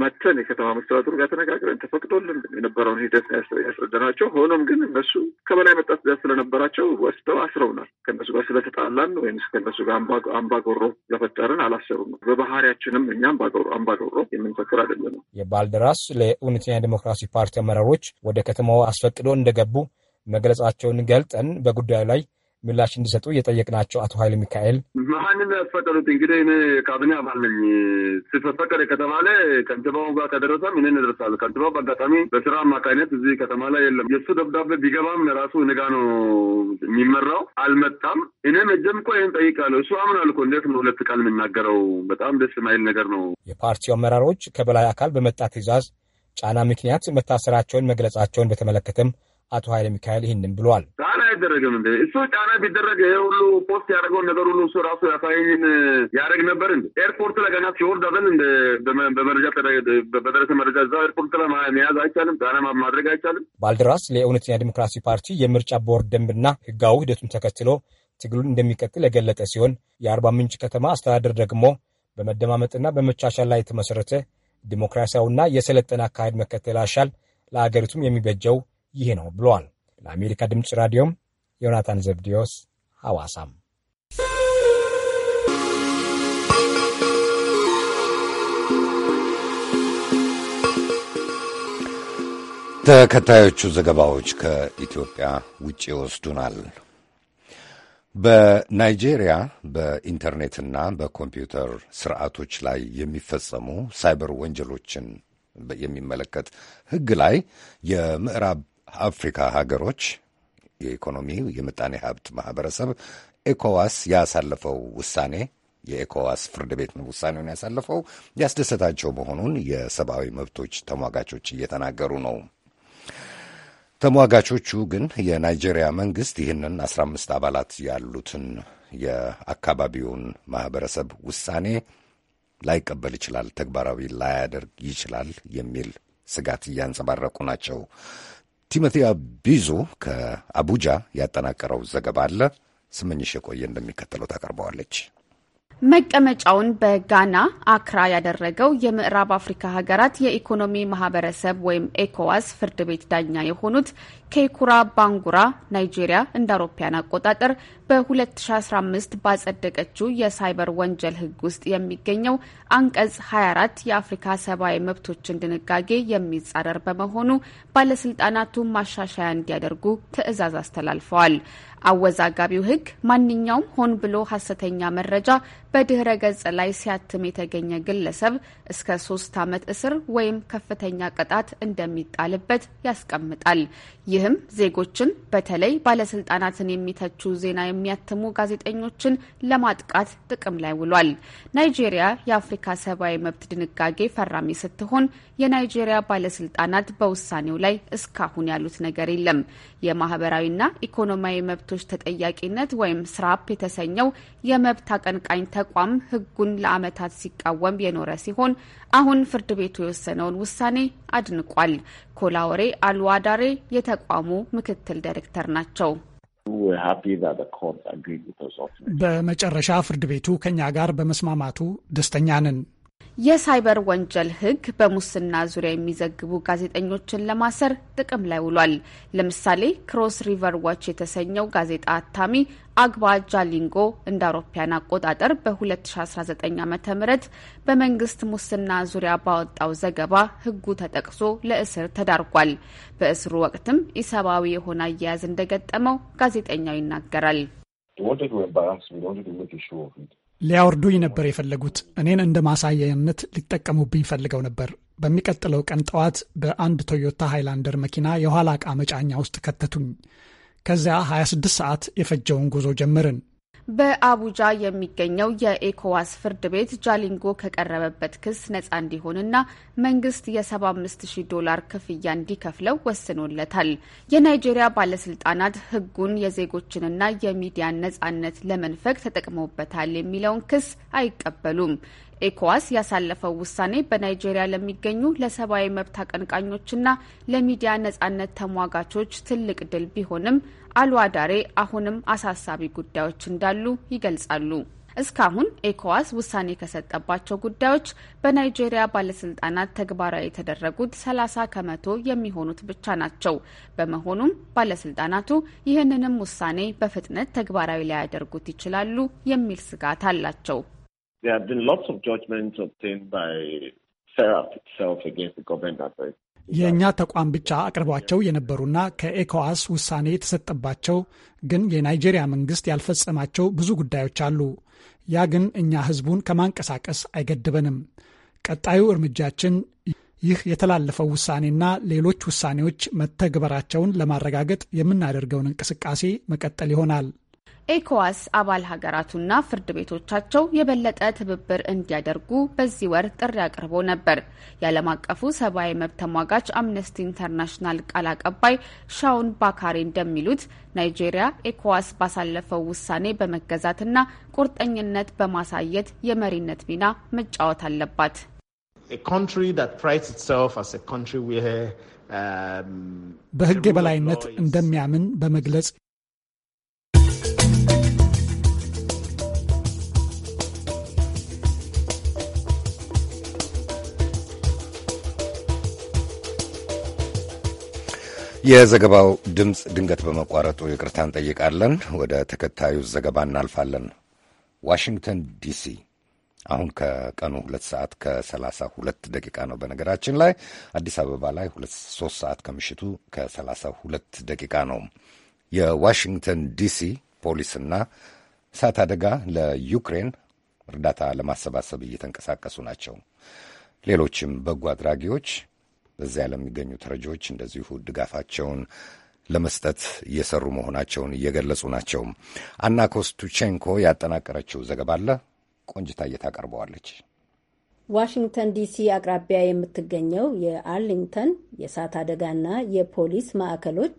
መተን የከተማ መስተዳድሩ ጋር ተነጋግረን ተፈቅዶልን የነበረውን ሂደት ያስረዳናቸው። ሆኖም ግን እነሱ ከበላይ መጣት ብዛት ስለነበራቸው ወስደው አስረውናል። ከእነሱ ጋር ስለተጣላን ወይም ከእነሱ ጋር አምባገሮ ስለፈጠርን አላሰሩም። በባህሪያችንም እኛ አምባገሮ የምንፈክር አይደለም። የባልደራስ ለእውነተኛ ዲሞክራሲ ፓርቲ አመራሮች ወደ ከተማው አስፈቅዶ እንደገቡ መግለጻቸውን ገልጠን በጉዳዩ ላይ ምላሽ እንዲሰጡ ናቸው አቶ ኃይለ ሚካኤል ማንን ያስፈቀዱት? እንግዲህ እኔ ካቢኔ አባል ነኝ። ሲፈቀደ ከተባለ ከንቲባው ጋር ከደረሰ ምን እንደርሳል። ከንቲባው በአጋጣሚ በስራ አማካኝነት እዚህ ከተማ ላይ የለም። የእሱ ደብዳቤ ቢገባም ራሱ ንጋ ነው የሚመራው። አልመጣም። እኔ መጀም እኮ ይህን ጠይቃለሁ። እሱ አምናል እኮ እንዴት ነው ሁለት ቃል የሚናገረው? በጣም ደስ የማይል ነገር ነው። የፓርቲው አመራሮች ከበላይ አካል በመጣ ትእዛዝ ጫና ምክንያት መታሰራቸውን መግለጻቸውን በተመለከተም አቶ ኃይለ ሚካኤል ይህንን ብለዋል። ጫና አይደረግም እንዴ? እሱ ጫና ቢደረግ ይሄ ሁሉ ፖስት ያደረገውን ነገር ሁሉ እሱ ራሱ ያሳይን ያደረግ ነበር እንዴ? ኤርፖርት ላይ ገና ሲወርድ አበል እንደ በመረጃ በደረሰ መረጃ እዛው ኤርፖርት ላይ መያዝ አይቻልም? ጫና ማድረግ አይቻልም? ባልደራስ ለእውነተኛ ዲሞክራሲ ፓርቲ የምርጫ ቦርድ ደንብና ህጋዊ ሂደቱን ተከትሎ ትግሉን እንደሚቀጥል የገለጠ ሲሆን የአርባ ምንጭ ከተማ አስተዳደር ደግሞ በመደማመጥና በመቻቻል ላይ የተመሰረተ ዲሞክራሲያዊና የሰለጠነ አካሄድ መከተል አሻል ለአገሪቱም የሚበጀው ይህ ነው ብለዋል። ለአሜሪካ ድምፅ ራዲዮም ዮናታን ዘብዲዮስ ሐዋሳም ተከታዮቹ ዘገባዎች ከኢትዮጵያ ውጭ ይወስዱናል። በናይጄሪያ በኢንተርኔትና በኮምፒውተር ስርዓቶች ላይ የሚፈጸሙ ሳይበር ወንጀሎችን የሚመለከት ሕግ ላይ የምዕራብ አፍሪካ ሀገሮች የኢኮኖሚ የምጣኔ ሀብት ማህበረሰብ ኤኮዋስ ያሳለፈው ውሳኔ የኤኮዋስ ፍርድ ቤት ነው ውሳኔውን ያሳለፈው ያስደሰታቸው መሆኑን የሰብአዊ መብቶች ተሟጋቾች እየተናገሩ ነው። ተሟጋቾቹ ግን የናይጄሪያ መንግስት ይህንን አስራ አምስት አባላት ያሉትን የአካባቢውን ማህበረሰብ ውሳኔ ላይቀበል ይችላል፣ ተግባራዊ ላያደርግ ይችላል የሚል ስጋት እያንጸባረቁ ናቸው። ቲሞቲ አቢዙ ከአቡጃ ያጠናቀረው ዘገባ አለ። ስመኝሽ የቆየ እንደሚከተለው ታቀርበዋለች። መቀመጫውን በጋና አክራ ያደረገው የምዕራብ አፍሪካ ሀገራት የኢኮኖሚ ማህበረሰብ ወይም ኤኮዋስ ፍርድ ቤት ዳኛ የሆኑት ኬኩራ ባንጉራ ናይጄሪያ እንደ አውሮፓያን አቆጣጠር በ2015 ባጸደቀችው የሳይበር ወንጀል ሕግ ውስጥ የሚገኘው አንቀጽ 24 የአፍሪካ ሰብአዊ መብቶችን ድንጋጌ የሚጻረር በመሆኑ ባለስልጣናቱ ማሻሻያ እንዲያደርጉ ትዕዛዝ አስተላልፈዋል። አወዛጋቢው ሕግ ማንኛውም ሆን ብሎ ሐሰተኛ መረጃ በድህረ ገጽ ላይ ሲያትም የተገኘ ግለሰብ እስከ ሶስት ዓመት እስር ወይም ከፍተኛ ቅጣት እንደሚጣልበት ያስቀምጣል። ይህ ይህም ዜጎችን በተለይ ባለስልጣናትን የሚተቹ ዜና የሚያትሙ ጋዜጠኞችን ለማጥቃት ጥቅም ላይ ውሏል። ናይጄሪያ የአፍሪካ ሰብአዊ መብት ድንጋጌ ፈራሚ ስትሆን የናይጄሪያ ባለስልጣናት በውሳኔው ላይ እስካሁን ያሉት ነገር የለም። የማህበራዊና ኢኮኖሚያዊ መብቶች ተጠያቂነት ወይም ስራፕ የተሰኘው የመብት አቀንቃኝ ተቋም ህጉን ለአመታት ሲቃወም የኖረ ሲሆን አሁን ፍርድ ቤቱ የወሰነውን ውሳኔ አድንቋል። ኮላወሬ አልዋዳሬ የተቋሙ ምክትል ዳይሬክተር ናቸው። በመጨረሻ ፍርድ ቤቱ ከኛ ጋር በመስማማቱ ደስተኛ ነን። የሳይበር ወንጀል ሕግ በሙስና ዙሪያ የሚዘግቡ ጋዜጠኞችን ለማሰር ጥቅም ላይ ውሏል። ለምሳሌ ክሮስ ሪቨር ዋች የተሰኘው ጋዜጣ አታሚ አግባ ጃሊንጎ እንደ አውሮፓያን አቆጣጠር በ2019 ዓ ም በመንግስት ሙስና ዙሪያ ባወጣው ዘገባ ሕጉ ተጠቅሶ ለእስር ተዳርጓል። በእስሩ ወቅትም ኢሰብአዊ የሆነ አያያዝ እንደገጠመው ጋዜጠኛው ይናገራል። ሊያወርዱኝ ነበር የፈለጉት። እኔን እንደ ማሳያነት ሊጠቀሙብኝ ፈልገው ነበር። በሚቀጥለው ቀን ጠዋት በአንድ ቶዮታ ሃይላንደር መኪና የኋላ ዕቃ መጫኛ ውስጥ ከተቱኝ። ከዚያ 26 ሰዓት የፈጀውን ጉዞ ጀመርን። በአቡጃ የሚገኘው የኤኮዋስ ፍርድ ቤት ጃሊንጎ ከቀረበበት ክስ ነጻ እንዲሆንና መንግስት የ75 ዶላር ክፍያ እንዲከፍለው ወስኖለታል። የናይጄሪያ ባለስልጣናት ህጉን የዜጎችንና የሚዲያን ነጻነት ለመንፈግ ተጠቅመውበታል የሚለውን ክስ አይቀበሉም። ኤኮዋስ ያሳለፈው ውሳኔ በናይጄሪያ ለሚገኙ ለሰብአዊ መብት አቀንቃኞችና ለሚዲያ ነጻነት ተሟጋቾች ትልቅ ድል ቢሆንም አልዋዳሬ አሁንም አሳሳቢ ጉዳዮች እንዳሉ ይገልጻሉ። እስካሁን ኤኮዋስ ውሳኔ ከሰጠባቸው ጉዳዮች በናይጄሪያ ባለስልጣናት ተግባራዊ የተደረጉት 30 ከመቶ የሚሆኑት ብቻ ናቸው። በመሆኑም ባለስልጣናቱ ይህንንም ውሳኔ በፍጥነት ተግባራዊ ሊያደርጉት ይችላሉ የሚል ስጋት አላቸው። there have been lots of judgments obtained by SERAP itself against the government advice የእኛ ተቋም ብቻ አቅርቧቸው የነበሩና ከኤኮዋስ ውሳኔ የተሰጠባቸው ግን የናይጄሪያ መንግስት ያልፈጸማቸው ብዙ ጉዳዮች አሉ። ያ ግን እኛ ህዝቡን ከማንቀሳቀስ አይገድበንም። ቀጣዩ እርምጃችን ይህ የተላለፈው ውሳኔና ሌሎች ውሳኔዎች መተግበራቸውን ለማረጋገጥ የምናደርገውን እንቅስቃሴ መቀጠል ይሆናል። ኤኮዋስ አባል ሀገራቱና ፍርድ ቤቶቻቸው የበለጠ ትብብር እንዲያደርጉ በዚህ ወር ጥሪ አቅርቦ ነበር። የዓለም አቀፉ ሰብአዊ መብት ተሟጋች አምነስቲ ኢንተርናሽናል ቃል አቀባይ ሻውን ባካሪ እንደሚሉት ናይጄሪያ ኤኮዋስ ባሳለፈው ውሳኔ በመገዛትና ቁርጠኝነት በማሳየት የመሪነት ሚና መጫወት አለባት። um, በሕግ የበላይነት እንደሚያምን በመግለጽ የዘገባው ድምፅ ድንገት በመቋረጡ ይቅርታ እንጠይቃለን። ወደ ተከታዩ ዘገባ እናልፋለን። ዋሽንግተን ዲሲ አሁን ከቀኑ ሁለት ሰዓት ከሰላሳ ሁለት ደቂቃ ነው። በነገራችን ላይ አዲስ አበባ ላይ ሶስት ሰዓት ከምሽቱ ከሰላሳ ሁለት ደቂቃ ነው። የዋሽንግተን ዲሲ ፖሊስና እሳት አደጋ ለዩክሬን እርዳታ ለማሰባሰብ እየተንቀሳቀሱ ናቸው። ሌሎችም በጎ አድራጊዎች በዚያ ለሚገኙ ተረጂዎች እንደዚሁ ድጋፋቸውን ለመስጠት እየሰሩ መሆናቸውን እየገለጹ ናቸው። አና ኮስቱቼንኮ ያጠናቀረችው ዘገባ አለ ቆንጅታ እየታቀርበዋለች። ዋሽንግተን ዲሲ አቅራቢያ የምትገኘው የአርሊንግተን የእሳት አደጋና የፖሊስ ማዕከሎች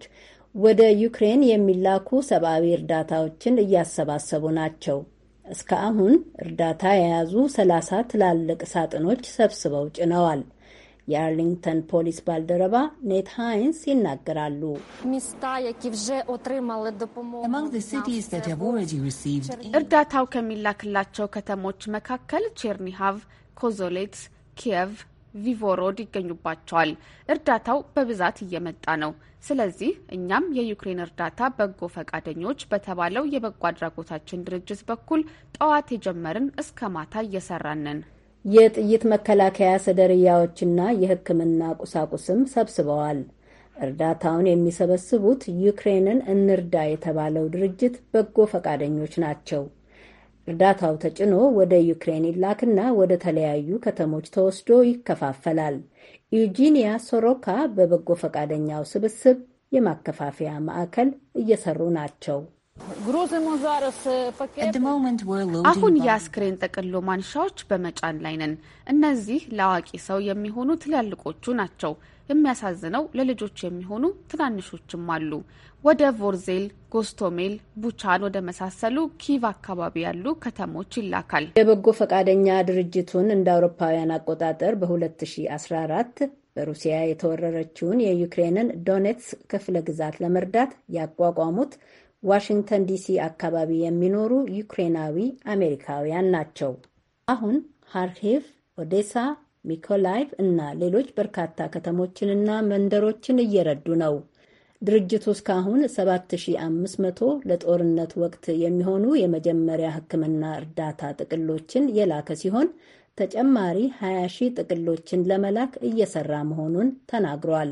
ወደ ዩክሬን የሚላኩ ሰብአዊ እርዳታዎችን እያሰባሰቡ ናቸው። እስከ አሁን እርዳታ የያዙ ሰላሳ ትላልቅ ሳጥኖች ሰብስበው ጭነዋል። የአርሊንግተን ፖሊስ ባልደረባ ኔት ሃይንስ ይናገራሉ። እርዳታው ከሚላክላቸው ከተሞች መካከል ቼርኒሃቭ፣ ኮዞሌት፣ ኪየቭ ቪቮሮድ ይገኙባቸዋል። እርዳታው በብዛት እየመጣ ነው። ስለዚህ እኛም የዩክሬን እርዳታ በጎ ፈቃደኞች በተባለው የበጎ አድራጎታችን ድርጅት በኩል ጠዋት የጀመርን እስከ ማታ እየሰራንን የጥይት መከላከያ ሰደርያዎችና የሕክምና ቁሳቁስም ሰብስበዋል። እርዳታውን የሚሰበስቡት ዩክሬንን እንርዳ የተባለው ድርጅት በጎ ፈቃደኞች ናቸው። እርዳታው ተጭኖ ወደ ዩክሬን ይላክና ወደ ተለያዩ ከተሞች ተወስዶ ይከፋፈላል። ዩጂኒያ ሶሮካ በበጎ ፈቃደኛው ስብስብ የማከፋፈያ ማዕከል እየሰሩ ናቸው። አሁን የአስክሬን ጠቅሎ ማንሻዎች በመጫን ላይ ነን። እነዚህ ለአዋቂ ሰው የሚሆኑ ትላልቆቹ ናቸው። የሚያሳዝነው ለልጆች የሚሆኑ ትናንሾችም አሉ። ወደ ቮርዜል፣ ጎስቶሜል፣ ቡቻን ወደ መሳሰሉ ኪቭ አካባቢ ያሉ ከተሞች ይላካል። የበጎ ፈቃደኛ ድርጅቱን እንደ አውሮፓውያን አቆጣጠር በ2014 በሩሲያ የተወረረችውን የዩክሬንን ዶኔትስ ክፍለ ግዛት ለመርዳት ያቋቋሙት ዋሽንግተን ዲሲ አካባቢ የሚኖሩ ዩክሬናዊ አሜሪካውያን ናቸው። አሁን ሃርኪቭ፣ ኦዴሳ፣ ሚኮላይቭ እና ሌሎች በርካታ ከተሞችንና መንደሮችን እየረዱ ነው። ድርጅቱ እስካሁን 7500 ለጦርነት ወቅት የሚሆኑ የመጀመሪያ ሕክምና እርዳታ ጥቅሎችን የላከ ሲሆን ተጨማሪ 20 ሺህ ጥቅሎችን ለመላክ እየሰራ መሆኑን ተናግሯል።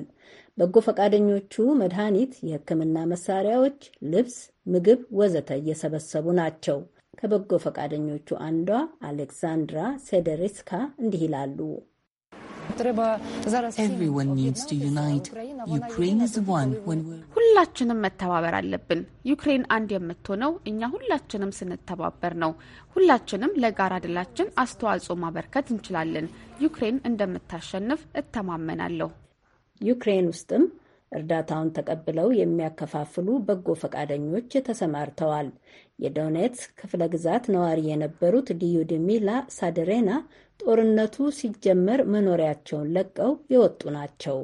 በጎ ፈቃደኞቹ መድኃኒት፣ የሕክምና መሳሪያዎች፣ ልብስ፣ ምግብ ወዘተ እየሰበሰቡ ናቸው። ከበጎ ፈቃደኞቹ አንዷ አሌክሳንድራ ሴደሪስካ እንዲህ ይላሉ። ሁላችንም መተባበር አለብን። ዩክሬን አንድ የምትሆነው እኛ ሁላችንም ስንተባበር ነው። ሁላችንም ለጋራ ድላችን አስተዋጽኦ ማበርከት እንችላለን። ዩክሬን እንደምታሸንፍ እተማመናለሁ። ዩክሬን ውስጥም እርዳታውን ተቀብለው የሚያከፋፍሉ በጎ ፈቃደኞች ተሰማርተዋል። የዶኔትስክ ክፍለ ግዛት ነዋሪ የነበሩት ዲዩድሚላ ሳደሬና ጦርነቱ ሲጀመር መኖሪያቸውን ለቀው የወጡ ናቸው።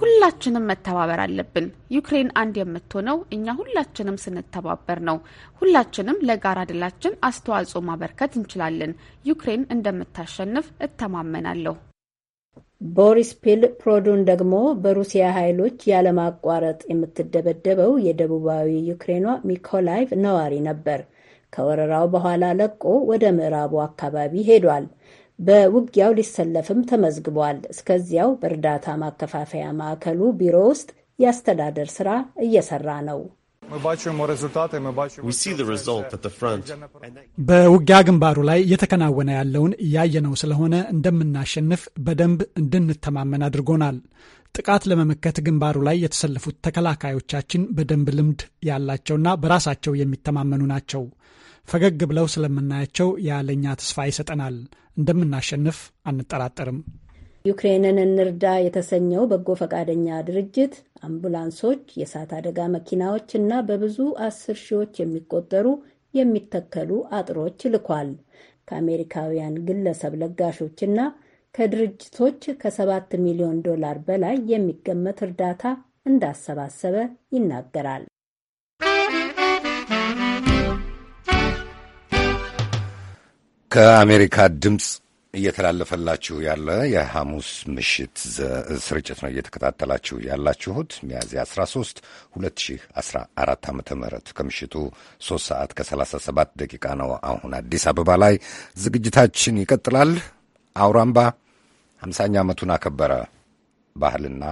ሁላችንም መተባበር አለብን። ዩክሬን አንድ የምትሆነው እኛ ሁላችንም ስንተባበር ነው። ሁላችንም ለጋራ ድላችን አስተዋጽኦ ማበርከት እንችላለን። ዩክሬን እንደምታሸንፍ እተማመናለሁ። ቦሪስ ፒል ፕሮዱን ደግሞ በሩሲያ ኃይሎች ያለማቋረጥ የምትደበደበው የደቡባዊ ዩክሬኗ ሚኮላይቭ ነዋሪ ነበር። ከወረራው በኋላ ለቆ ወደ ምዕራቡ አካባቢ ሄዷል። በውጊያው ሊሰለፍም ተመዝግቧል። እስከዚያው በእርዳታ ማከፋፈያ ማዕከሉ ቢሮ ውስጥ የአስተዳደር ስራ እየሰራ ነው። በውጊያ ግንባሩ ላይ እየተከናወነ ያለውን እያየነው ስለሆነ እንደምናሸንፍ በደንብ እንድንተማመን አድርጎናል። ጥቃት ለመመከት ግንባሩ ላይ የተሰለፉት ተከላካዮቻችን በደንብ ልምድ ያላቸውና በራሳቸው የሚተማመኑ ናቸው። ፈገግ ብለው ስለምናያቸው ያለኛ ተስፋ ይሰጠናል። እንደምናሸንፍ አንጠራጠርም። ዩክሬንን እንርዳ የተሰኘው በጎ ፈቃደኛ ድርጅት አምቡላንሶች፣ የእሳት አደጋ መኪናዎች እና በብዙ አስር ሺዎች የሚቆጠሩ የሚተከሉ አጥሮች ልኳል። ከአሜሪካውያን ግለሰብ ለጋሾች እና ከድርጅቶች ከሰባት ሚሊዮን ዶላር በላይ የሚገመት እርዳታ እንዳሰባሰበ ይናገራል። ከአሜሪካ ድምፅ እየተላለፈላችሁ ያለ የሐሙስ ምሽት ስርጭት ነው እየተከታተላችሁ ያላችሁት። ሚያዝያ 13 2014 ዓ ም ከምሽቱ 3 ሰዓት ከ37 ደቂቃ ነው አሁን አዲስ አበባ ላይ። ዝግጅታችን ይቀጥላል። አውራምባ 50ኛ ዓመቱን አከበረ። ባህልና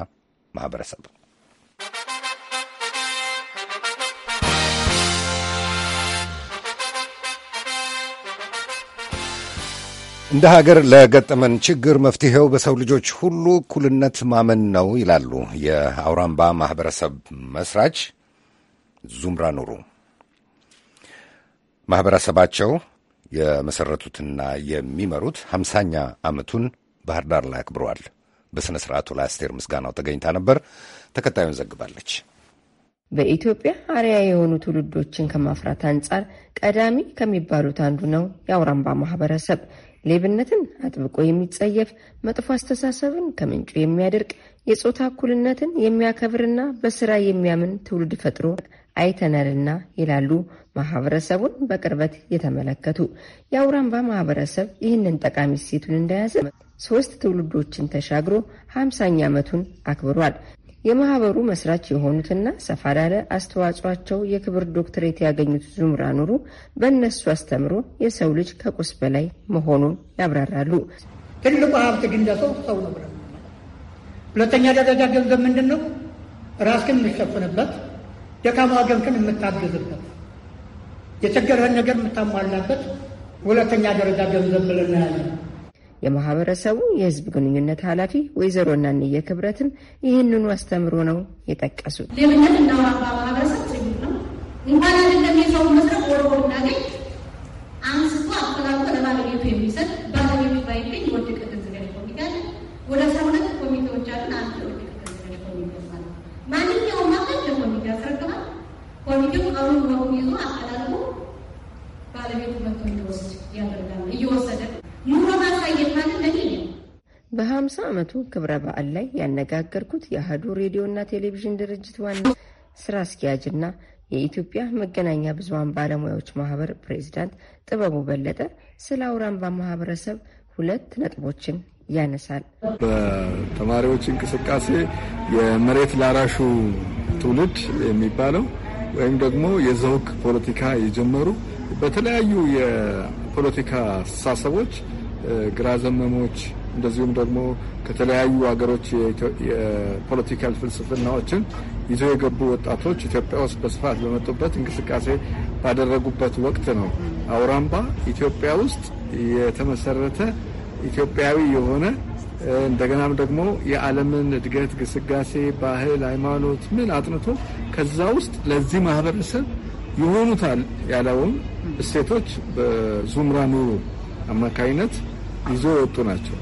ማኅበረሰብ እንደ ሀገር ለገጠመን ችግር መፍትሄው በሰው ልጆች ሁሉ እኩልነት ማመን ነው ይላሉ የአውራምባ ማህበረሰብ መስራች ዙምራ ኑሩ። ማህበረሰባቸው የመሰረቱትና የሚመሩት ሀምሳኛ ዓመቱን ባህር ዳር ላይ አክብረዋል። በሥነ ሥርዓቱ ላይ አስቴር ምስጋናው ተገኝታ ነበር። ተከታዩን ዘግባለች። በኢትዮጵያ አርያ የሆኑ ትውልዶችን ከማፍራት አንጻር ቀዳሚ ከሚባሉት አንዱ ነው የአውራምባ ማህበረሰብ። ሌብነትን አጥብቆ የሚጸየፍ መጥፎ አስተሳሰብን ከምንጩ የሚያደርቅ የጾታ እኩልነትን የሚያከብርና በስራ የሚያምን ትውልድ ፈጥሮ አይተናልና ይላሉ ማህበረሰቡን በቅርበት የተመለከቱ። የአውራምባ ማህበረሰብ ይህንን ጠቃሚ ሴቱን እንደያዘ ሶስት ትውልዶችን ተሻግሮ ሀምሳኛ ዓመቱን አክብሯል። የማህበሩ መስራች የሆኑትና ሰፋ ላለ አስተዋጽኦቸው የክብር ዶክትሬት ያገኙት ዙምራ ኑሩ በእነሱ አስተምሮ የሰው ልጅ ከቁስ በላይ መሆኑን ያብራራሉ። ትልቁ ሀብት ግን ለሰው ሰው ነው ብለ ሁለተኛ ደረጃ ገንዘብ ምንድን ነው? ራስክን የምትሸፍንበት፣ ደካማ ወገንክን የምታግዝበት፣ የቸገረህን ነገር የምታሟላበት ሁለተኛ ደረጃ ገንዘብ ብለን የማህበረሰቡ የህዝብ ግንኙነት ኃላፊ ወይዘሮ እናንየ ክብረትም ይህንኑ አስተምሮ ነው የጠቀሱት። ሌብነት እንዳውራባ ማህበረሰብ ነው እንኳን አይደለም የሰው እናገኝ አንስቶ ለባለቤቱ የሚሰጥ ባለቤቱ ባይገኝ ኮሚቴ አለ። ወደ ኮሚቴዎች አሉን። አንድ ኮሚቴ ማለት ማንኛውም ለኮሚቴ ያስረክባል። ኮሚቴው ይዞ አፈላልቆ ባለቤቱ መቶ እንዲወስድ ያደርጋል። እየወሰደ በ50 ዓመቱ ክብረ በዓል ላይ ያነጋገርኩት የአህዱ ሬዲዮና ቴሌቪዥን ድርጅት ዋና ስራ አስኪያጅና የኢትዮጵያ መገናኛ ብዙሀን ባለሙያዎች ማህበር ፕሬዚዳንት ጥበቡ በለጠ ስለ አውራምባ ማህበረሰብ ሁለት ነጥቦችን ያነሳል። በተማሪዎች እንቅስቃሴ የመሬት ላራሹ ትውልድ የሚባለው ወይም ደግሞ የዘውግ ፖለቲካ የጀመሩ በተለያዩ የፖለቲካ አስተሳሰቦች ግራ ዘመሞች እንደዚሁም ደግሞ ከተለያዩ ሀገሮች የፖለቲካል ፍልስፍናዎችን ይዘው የገቡ ወጣቶች ኢትዮጵያ ውስጥ በስፋት በመጡበት እንቅስቃሴ ባደረጉበት ወቅት ነው። አውራምባ ኢትዮጵያ ውስጥ የተመሰረተ ኢትዮጵያዊ የሆነ እንደገናም ደግሞ የዓለምን እድገት፣ ግስጋሴ፣ ባህል፣ ሃይማኖት ምን አጥንቶ ከዛ ውስጥ ለዚህ ማህበረሰብ ይሆኑታል ያለውን እሴቶች በዙምራ አማካይነት ይዞ የወጡ ናቸው።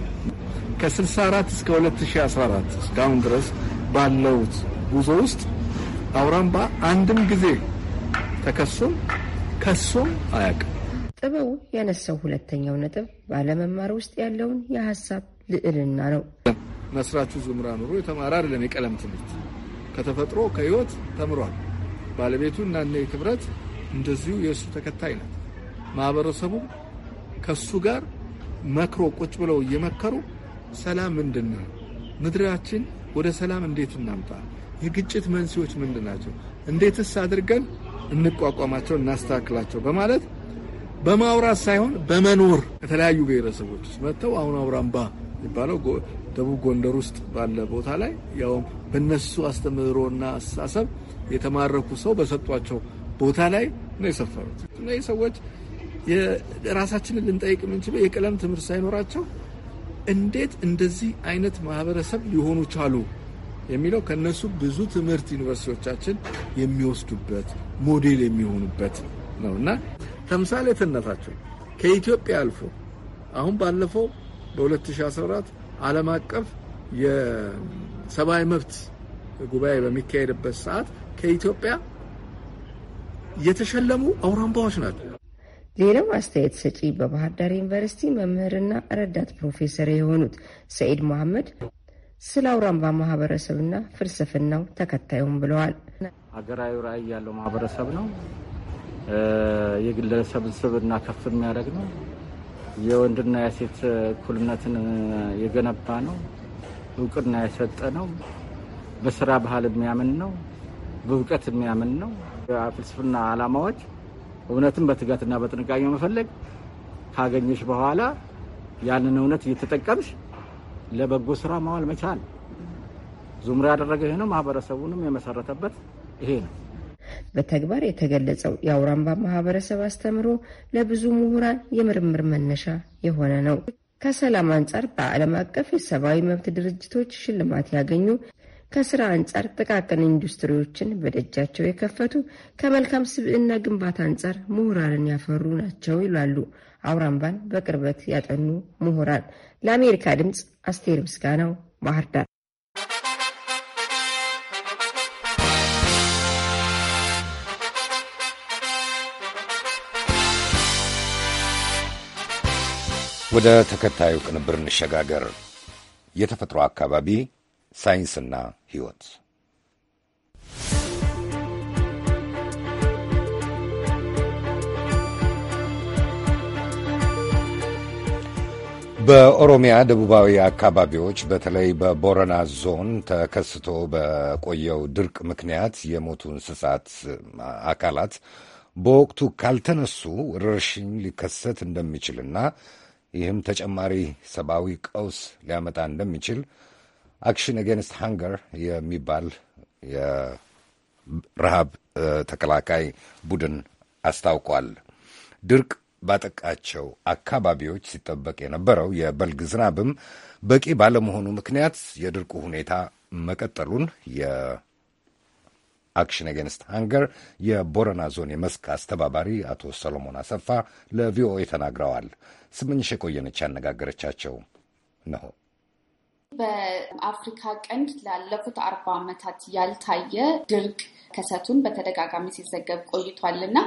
ከ64 እስከ 2014 እስካሁን ድረስ ባለውት ጉዞ ውስጥ አውራምባ አንድም ጊዜ ተከሶም ከሶም አያውቅም። ጥበቡ ያነሳው ሁለተኛው ነጥብ ባለመማር ውስጥ ያለውን የሀሳብ ልዕልና ነው። መስራቹ ዝምራ ኑሮ የተማረ አይደለም። የቀለም ትምህርት ከተፈጥሮ ከህይወት ተምሯል። ባለቤቱ እናነ ክብረት እንደዚሁ የእሱ ተከታይ ናት። ማህበረሰቡም ከሱ ጋር መክሮ ቁጭ ብለው እየመከሩ ሰላም ምንድን ነው? ምድራችን ወደ ሰላም እንዴት እናምጣ? የግጭት መንስኤዎች ምንድን ናቸው? እንዴትስ አድርገን እንቋቋማቸው፣ እናስተካክላቸው በማለት በማውራት ሳይሆን በመኖር ከተለያዩ ብሔረሰቦች ውስጥ መጥተው አሁን አውራምባ የሚባለው ደቡብ ጎንደር ውስጥ ባለ ቦታ ላይ ያውም በነሱ አስተምህሮና አስተሳሰብ የተማረኩ ሰው በሰጧቸው ቦታ ላይ ነው የሰፈሩት። እነዚህ ሰዎች ራሳችንን ልንጠይቅ የምንችለው የቀለም ትምህርት ሳይኖራቸው እንዴት እንደዚህ አይነት ማህበረሰብ ሊሆኑ ቻሉ የሚለው ከነሱ ብዙ ትምህርት ዩኒቨርሲቲዎቻችን የሚወስዱበት ሞዴል የሚሆኑበት ነው እና ተምሳሌትነታቸው ከኢትዮጵያ አልፎ አሁን ባለፈው በ2014 ዓለም አቀፍ የሰብአዊ መብት ጉባኤ በሚካሄድበት ሰዓት ከኢትዮጵያ የተሸለሙ አውራምባዎች ናቸው። ሌላው አስተያየት ሰጪ በባህር ዳር ዩኒቨርሲቲ መምህርና ረዳት ፕሮፌሰር የሆኑት ሰኢድ መሐመድ ስለ አውራምባ ማህበረሰብና ፍልስፍናው ተከታዩም ብለዋል። ሀገራዊ ራዕይ ያለው ማህበረሰብ ነው። የግለሰብን ስብዕና ከፍ የሚያደርግ ነው። የወንድና የሴት እኩልነትን የገነባ ነው። እውቅና የሰጠ ነው። በስራ ባህል የሚያምን ነው። በእውቀት የሚያምን ነው። ፍልስፍና አላማዎች እውነትን በትጋትና በጥንቃቄ መፈለግ ካገኘሽ በኋላ ያንን እውነት እየተጠቀምሽ ለበጎ ስራ ማዋል መቻል ዙምራ ያደረገ ይሄ ነው። ማህበረሰቡንም የመሰረተበት ይሄ ነው። በተግባር የተገለጸው የአውራምባ ማህበረሰብ አስተምሮ ለብዙ ምሁራን የምርምር መነሻ የሆነ ነው። ከሰላም አንጻር በዓለም አቀፍ የሰብአዊ መብት ድርጅቶች ሽልማት ያገኙ ከስራ አንጻር ጥቃቅን ኢንዱስትሪዎችን በደጃቸው የከፈቱ ከመልካም ስብዕና ግንባታ አንጻር ምሁራንን ያፈሩ ናቸው ይላሉ አውራምባን በቅርበት ያጠኑ ምሁራን። ለአሜሪካ ድምፅ አስቴር ምስጋናው ባህር ዳር። ወደ ተከታዩ ቅንብር እንሸጋገር። የተፈጥሮ አካባቢ ሳይንስና ሕይወት በኦሮሚያ ደቡባዊ አካባቢዎች በተለይ በቦረና ዞን ተከስቶ በቆየው ድርቅ ምክንያት የሞቱ እንስሳት አካላት በወቅቱ ካልተነሱ ወረርሽኝ ሊከሰት እንደሚችልና ይህም ተጨማሪ ሰብአዊ ቀውስ ሊያመጣ እንደሚችል አክሽን አጌንስት ሃንገር የሚባል የረሃብ ተከላካይ ቡድን አስታውቋል። ድርቅ ባጠቃቸው አካባቢዎች ሲጠበቅ የነበረው የበልግ ዝናብም በቂ ባለመሆኑ ምክንያት የድርቁ ሁኔታ መቀጠሉን የአክሽን አጌንስት ሃንገር የቦረና ዞን የመስክ አስተባባሪ አቶ ሰሎሞን አሰፋ ለቪኦኤ ተናግረዋል። ስምኝሽ የቆየነች ያነጋገረቻቸው ነው። በአፍሪካ ቀንድ ላለፉት አርባ ዓመታት ያልታየ ድርቅ ከሰቱን በተደጋጋሚ ሲዘገብ ቆይቷል እና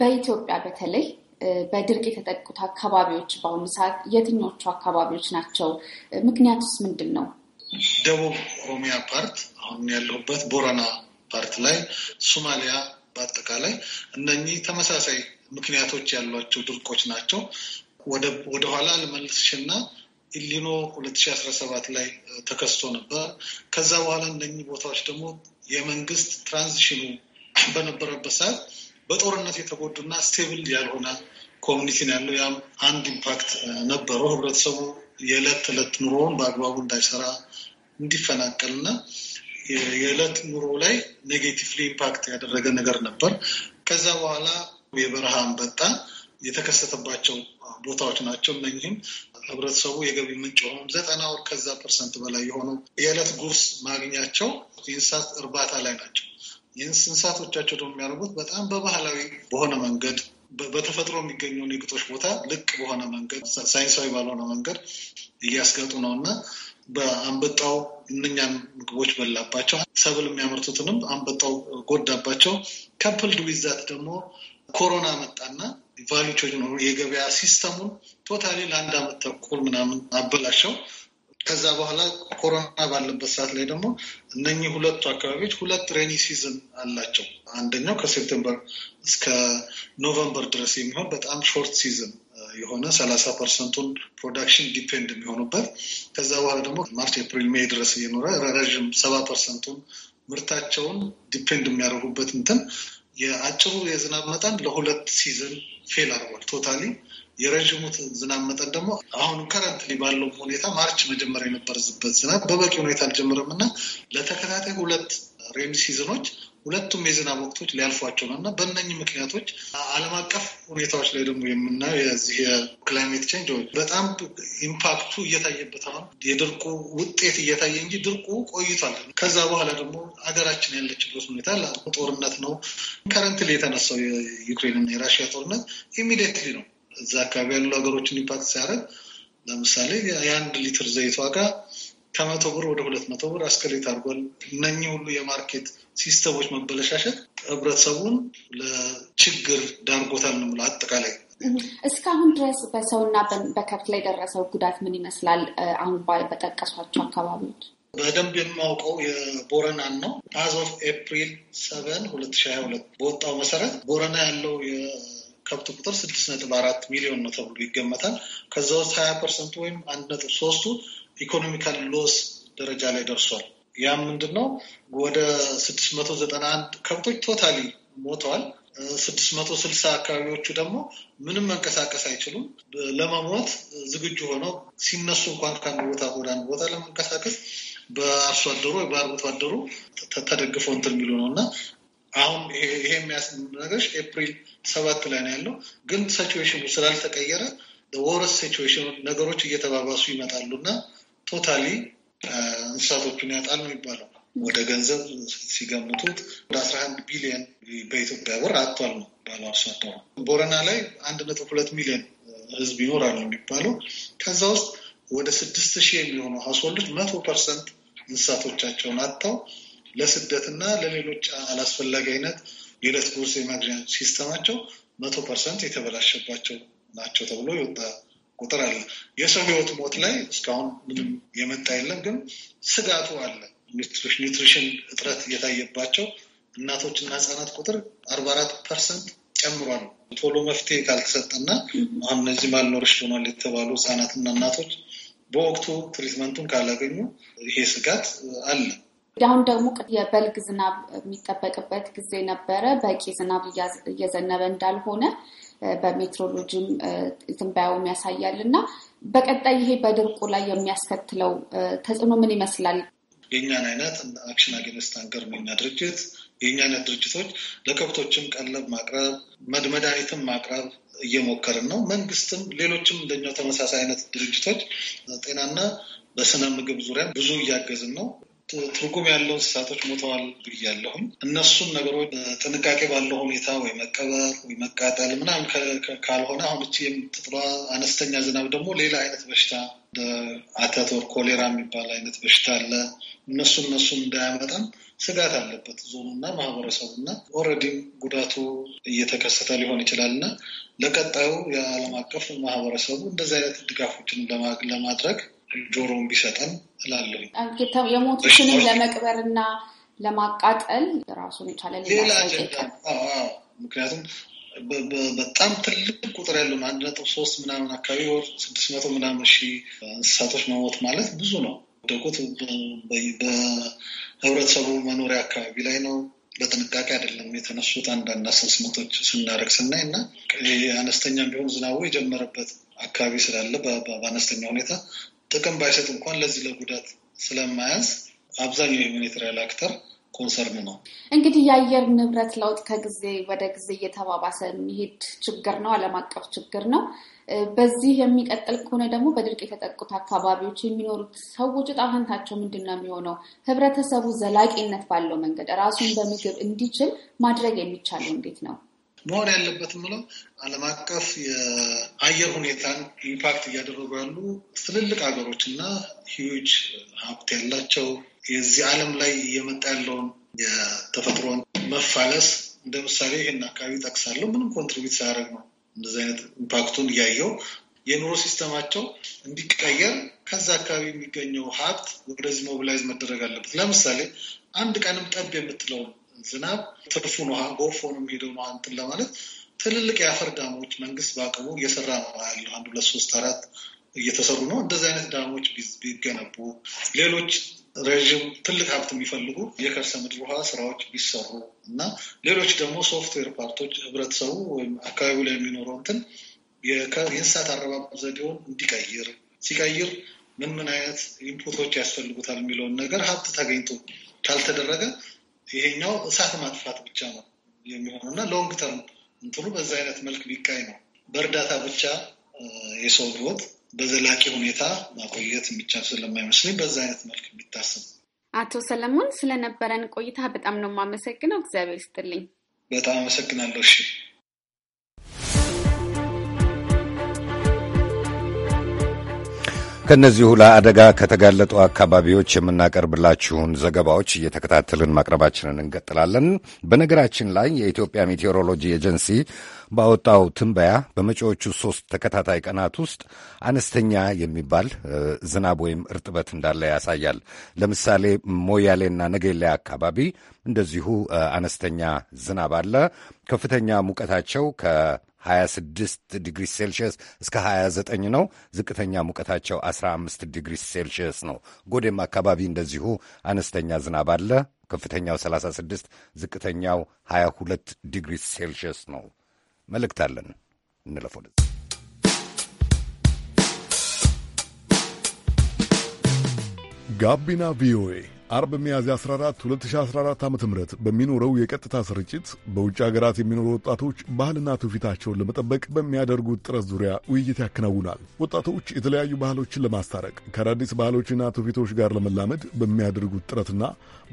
በኢትዮጵያ በተለይ በድርቅ የተጠቁት አካባቢዎች በአሁኑ ሰዓት የትኞቹ አካባቢዎች ናቸው? ምክንያቱስ ምንድን ነው? ደቡብ ኦሮሚያ ፓርት አሁን ያለሁበት ቦረና ፓርት ላይ፣ ሶማሊያ በአጠቃላይ እነኚህ ተመሳሳይ ምክንያቶች ያሏቸው ድርቆች ናቸው። ወደኋላ ልመልስሽና ኢሊኖ 2017 ላይ ተከስቶ ነበር። ከዛ በኋላ እነኚህ ቦታዎች ደግሞ የመንግስት ትራንዚሽኑ በነበረበት ሰዓት በጦርነት የተጎዱና ስቴብል ያልሆነ ኮሚኒቲ ነው ያለው። ያም አንድ ኢምፓክት ነበረው። ህብረተሰቡ የዕለት ተዕለት ኑሮውን በአግባቡ እንዳይሰራ እንዲፈናቀልና የዕለት ኑሮ ላይ ኔጌቲቭሊ ኢምፓክት ያደረገ ነገር ነበር። ከዛ በኋላ የበረሃ አንበጣ የተከሰተባቸው ቦታዎች ናቸው። እነህም ህብረተሰቡ የገቢ ምንጭ የሆኑ ዘጠና ወር ከዛ ፐርሰንት በላይ የሆኑ የዕለት ጉርስ ማግኛቸው የእንስሳት እርባታ ላይ ናቸው። እንስሳቶቻቸው ደግሞ የሚያደርጉት በጣም በባህላዊ በሆነ መንገድ በተፈጥሮ የሚገኘውን የግጦሽ ቦታ ልቅ በሆነ መንገድ ሳይንሳዊ ባልሆነ መንገድ እያስገጡ ነው እና በአንበጣው እነኛን ምግቦች በላባቸው፣ ሰብል የሚያመርቱትንም አንበጣው ጎዳባቸው። ከፕልድ ዊዛት ደግሞ ኮሮና መጣና ቫሊቾች ነው የገበያ ሲስተሙን ቶታሊ ለአንድ አመት ተኩል ምናምን አበላሸው። ከዛ በኋላ ኮሮና ባለበት ሰዓት ላይ ደግሞ እነኚህ ሁለቱ አካባቢዎች ሁለት ሬኒ ሲዝን አላቸው። አንደኛው ከሴፕቴምበር እስከ ኖቨምበር ድረስ የሚሆን በጣም ሾርት ሲዝን የሆነ ሰላሳ ፐርሰንቱን ፕሮዳክሽን ዲፔንድ የሚሆኑበት ከዛ በኋላ ደግሞ ማርች፣ ኤፕሪል፣ ሜይ ድረስ እየኖረ ረዥም ሰባ ፐርሰንቱን ምርታቸውን ዲፔንድ የሚያደርጉበት እንትን የአጭሩ የዝናብ መጠን ለሁለት ሲዝን ፌል አድርጓል ቶታሊ የረዥሙ ዝናብ መጠን ደግሞ አሁን ከረንትሊ ባለው ሁኔታ ማርች መጀመሪያ የነበረበት ዝናብ በበቂ ሁኔታ አልጀምርም እና ለተከታታይ ሁለት ሬኒ ሲዝኖች ሁለቱም የዝናብ ወቅቶች ሊያልፏቸው ነው እና በእነኚህ ምክንያቶች ዓለም አቀፍ ሁኔታዎች ላይ ደግሞ የምናየው የዚህ የክላይሜት ቼንጆች በጣም ኢምፓክቱ እየታየበት አሁን የድርቁ ውጤት እየታየ እንጂ ድርቁ ቆይቷል። ከዛ በኋላ ደግሞ ሀገራችን ያለችበት ሁኔታ ጦርነት ነው። ከረንትሊ የተነሳው የዩክሬንና የራሽያ ጦርነት ኢሚዲየትሊ ነው እዛ አካባቢ ያሉ ሀገሮችን ኢምፓክት ሲያደርግ ለምሳሌ የአንድ ሊትር ዘይት ዋጋ ከመቶ ብር ወደ ሁለት መቶ ብር አስከሌት አድርጓል። እነኚህ ሁሉ የማርኬት ሲስተሞች መበለሻሸት ህብረተሰቡን ለችግር ዳርጎታል ነው የምለው አጠቃላይ እስካሁን ድረስ በሰውና በከብት ላይ የደረሰው ጉዳት ምን ይመስላል? አሁን በጠቀሷቸው አካባቢዎች በደንብ የማውቀው የቦረናን ነው። አዝ ኦፍ ኤፕሪል ሰቨን ሁለት ሺህ ሀያ ሁለት በወጣው መሰረት ቦረና ያለው ከብት ቁጥር ስድስት ነጥብ አራት ሚሊዮን ነው ተብሎ ይገመታል። ከዛ ውስጥ ሀያ ፐርሰንቱ ወይም አንድ ነጥብ ሶስቱ ኢኮኖሚካል ሎስ ደረጃ ላይ ደርሷል። ያም ምንድን ነው ወደ ስድስት መቶ ዘጠና አንድ ከብቶች ቶታሊ ሞተዋል። ስድስት መቶ ስልሳ አካባቢዎቹ ደግሞ ምንም መንቀሳቀስ አይችሉም። ለመሞት ዝግጁ ሆነው ሲነሱ እንኳን ከአንድ ቦታ ወደ አንድ ቦታ ለመንቀሳቀስ በአርሶ አደሩ ወይ በአርብቶ አደሩ ተደግፈው እንትን የሚሉ ነው እና አሁን ይሄ የሚያስነረሽ ኤፕሪል ሰባት ላይ ነው ያለው። ግን ሲዌሽኑ ስላልተቀየረ ወረስ ሲዌሽኑ ነገሮች እየተባባሱ ይመጣሉ እና ቶታሊ እንስሳቶቹን ያጣል ነው የሚባለው። ወደ ገንዘብ ሲገምቱት ወደ አስራ አንድ ቢሊዮን በኢትዮጵያ ብር አጥቷል ነው ባለ አርሶ አደሩ። ቦረና ላይ አንድ ነጥብ ሁለት ሚሊዮን ህዝብ ይኖራል ነው የሚባለው። ከዛ ውስጥ ወደ ስድስት ሺህ የሚሆኑ ሀውስሆልዶች መቶ ፐርሰንት እንስሳቶቻቸውን አጥተው ለስደትና ለሌሎች አላስፈላጊ አይነት የዕለት ጉርስ የማግኛ ሲስተማቸው መቶ ፐርሰንት የተበላሸባቸው ናቸው ተብሎ የወጣ ቁጥር አለ። የሰው ህይወት ሞት ላይ እስካሁን ምንም የመጣ የለም፣ ግን ስጋቱ አለ። ኒትሪሽን እጥረት የታየባቸው እናቶችና ህጻናት ቁጥር አርባ አራት ፐርሰንት ጨምሯል። ቶሎ መፍትሄ ካልተሰጠና አሁን እነዚህ ማልኖርሽ ሆኗል የተባሉ ህጻናትና እናቶች በወቅቱ ትሪትመንቱን ካላገኙ ይሄ ስጋት አለ። አሁን ደግሞ የበልግ ዝናብ የሚጠበቅበት ጊዜ ነበረ። በቂ ዝናብ እየዘነበ እንዳልሆነ በሜትሮሎጂም ትንበያውም ያሳያል እና በቀጣይ ይሄ በድርቁ ላይ የሚያስከትለው ተጽዕኖ ምን ይመስላል? የእኛን አይነት አክሽን አጌንስት አንገር የሚና ድርጅት የእኛ አይነት ድርጅቶች ለከብቶችም ቀለብ ማቅረብ መድኃኒትም ማቅረብ እየሞከርን ነው። መንግስትም ሌሎችም እንደኛው ተመሳሳይ አይነት ድርጅቶች ጤናና በስነ ምግብ ዙሪያ ብዙ እያገዝን ነው። ትርጉም ያለው እንስሳቶች ሞተዋል ብያለሁም። እነሱም ነገሮች ጥንቃቄ ባለው ሁኔታ ወይ መቀበር ወይ መቃጠል ምናምን ካልሆነ አሁን እቺ የምትጥሏ አነስተኛ ዝናብ ደግሞ ሌላ አይነት በሽታ አተት ወር ኮሌራ የሚባል አይነት በሽታ አለ። እነሱ እነሱን እንዳያመጣም ስጋት አለበት ዞኑና ማህበረሰቡና ኦልሬዲም ጉዳቱ እየተከሰተ ሊሆን ይችላል እና ለቀጣዩ የዓለም አቀፍ ማህበረሰቡ እንደዚህ አይነት ድጋፎችን ለማድረግ ጆሮውን ቢሰጠን እላለሁ። የሞቱትንም ለመቅበርና ለማቃጠል ራሱን የቻለ ሌላ አጀንዳ። ምክንያቱም በጣም ትልቅ ቁጥር ያለውን አንድ ነጥብ ሶስት ምናምን አካባቢ ወር ስድስት መቶ ምናምን ሺህ እንስሳቶች መሞት ማለት ብዙ ነው። ደቁት በህብረተሰቡ መኖሪያ አካባቢ ላይ ነው። በጥንቃቄ አይደለም የተነሱት። አንዳንድ አሰስመቶች ስናደርግ ስናይ እና አነስተኛ ቢሆን ዝናቡ የጀመረበት አካባቢ ስላለ በአነስተኛ ሁኔታ ጥቅም ባይሰጥ እንኳን ለዚህ ለጉዳት ስለማያዝ አብዛኛው የሁኔትሪያል አክተር ኮንሰርን ነው። እንግዲህ የአየር ንብረት ለውጥ ከጊዜ ወደ ጊዜ እየተባባሰ የሚሄድ ችግር ነው፣ ዓለም አቀፍ ችግር ነው። በዚህ የሚቀጥል ከሆነ ደግሞ በድርቅ የተጠቁት አካባቢዎች የሚኖሩት ሰዎች ዕጣ ፈንታቸው ምንድን ነው የሚሆነው? ህብረተሰቡ ዘላቂነት ባለው መንገድ ራሱን በምግብ እንዲችል ማድረግ የሚቻለው እንዴት ነው? መሆን ያለበት ምለው ዓለም አቀፍ የአየር ሁኔታን ኢምፓክት እያደረጉ ያሉ ትልልቅ ሀገሮች እና ሂዩጅ ሀብት ያላቸው የዚህ ዓለም ላይ እየመጣ ያለውን የተፈጥሮን መፋለስ እንደ ምሳሌ ይህን አካባቢ ጠቅሳለሁ። ምንም ኮንትሪቢዩት ሳያደርግ ነው እንደዚህ አይነት ኢምፓክቱን እያየው የኑሮ ሲስተማቸው እንዲቀየር ከዛ አካባቢ የሚገኘው ሀብት ወደዚህ ሞቢላይዝ መደረግ አለበት። ለምሳሌ አንድ ቀንም ጠብ የምትለውን ዝናብ ጥርሱን ውሃ የሚሄደውን ሄደ እንትን ለማለት ትልልቅ የአፈር ዳሞች መንግስት በአቅሙ እየሰራ ነው ያለው። አንድ ሁለት ሶስት አራት እየተሰሩ ነው። እንደዚህ አይነት ዳሞች ቢገነቡ ሌሎች ረዥም ትልቅ ሀብት የሚፈልጉ የከርሰ ምድር ውሃ ስራዎች ቢሰሩ እና ሌሎች ደግሞ ሶፍትዌር ፓርቶች ህብረተሰቡ ወይም አካባቢው ላይ የሚኖረው እንትን የእንስሳት አረባብ ዘዴውን እንዲቀይር ሲቀይር ምን ምን አይነት ኢንፑቶች ያስፈልጉታል የሚለውን ነገር ሀብት ተገኝቶ ካልተደረገ ይሄኛው እሳት ማጥፋት ብቻ ነው የሚሆነው እና ሎንግ ተርም እንትኑ በዛ አይነት መልክ ቢካይ ነው በእርዳታ ብቻ የሰው ህይወት በዘላቂ ሁኔታ ማቆየት የሚቻል ስለማይመስለኝ በዛ አይነት መልክ የሚታሰብ። አቶ ሰለሞን ስለነበረን ቆይታ በጣም ነው የማመሰግነው። እግዚአብሔር ይስጥልኝ። በጣም አመሰግናለሁ። እሺ። ከእነዚሁ ለአደጋ ከተጋለጡ አካባቢዎች የምናቀርብላችሁን ዘገባዎች እየተከታተልን ማቅረባችንን እንቀጥላለን። በነገራችን ላይ የኢትዮጵያ ሜቴዎሮሎጂ ኤጀንሲ ባወጣው ትንበያ በመጪዎቹ ሶስት ተከታታይ ቀናት ውስጥ አነስተኛ የሚባል ዝናብ ወይም እርጥበት እንዳለ ያሳያል። ለምሳሌ ሞያሌና ነጌሌ አካባቢ እንደዚሁ አነስተኛ ዝናብ አለ። ከፍተኛ ሙቀታቸው ከ 26 ዲግሪ ሴልሽየስ እስከ 29 ነው። ዝቅተኛ ሙቀታቸው 15 ዲግሪ ሴልሽየስ ነው። ጎዴም አካባቢ እንደዚሁ አነስተኛ ዝናብ አለ። ከፍተኛው 36፣ ዝቅተኛው 22 ዲግሪ ሴልሽየስ ነው። መልእክት አለን እንለፍ ጋቢና ቪኦኤ አርብ ሚያዝያ 14 2014 ዓ ም በሚኖረው የቀጥታ ስርጭት በውጭ ሀገራት የሚኖሩ ወጣቶች ባህልና ትውፊታቸውን ለመጠበቅ በሚያደርጉት ጥረት ዙሪያ ውይይት ያከናውናል። ወጣቶች የተለያዩ ባህሎችን ለማስታረቅ ከአዳዲስ ባህሎችና ትውፊቶች ጋር ለመላመድ በሚያደርጉት ጥረትና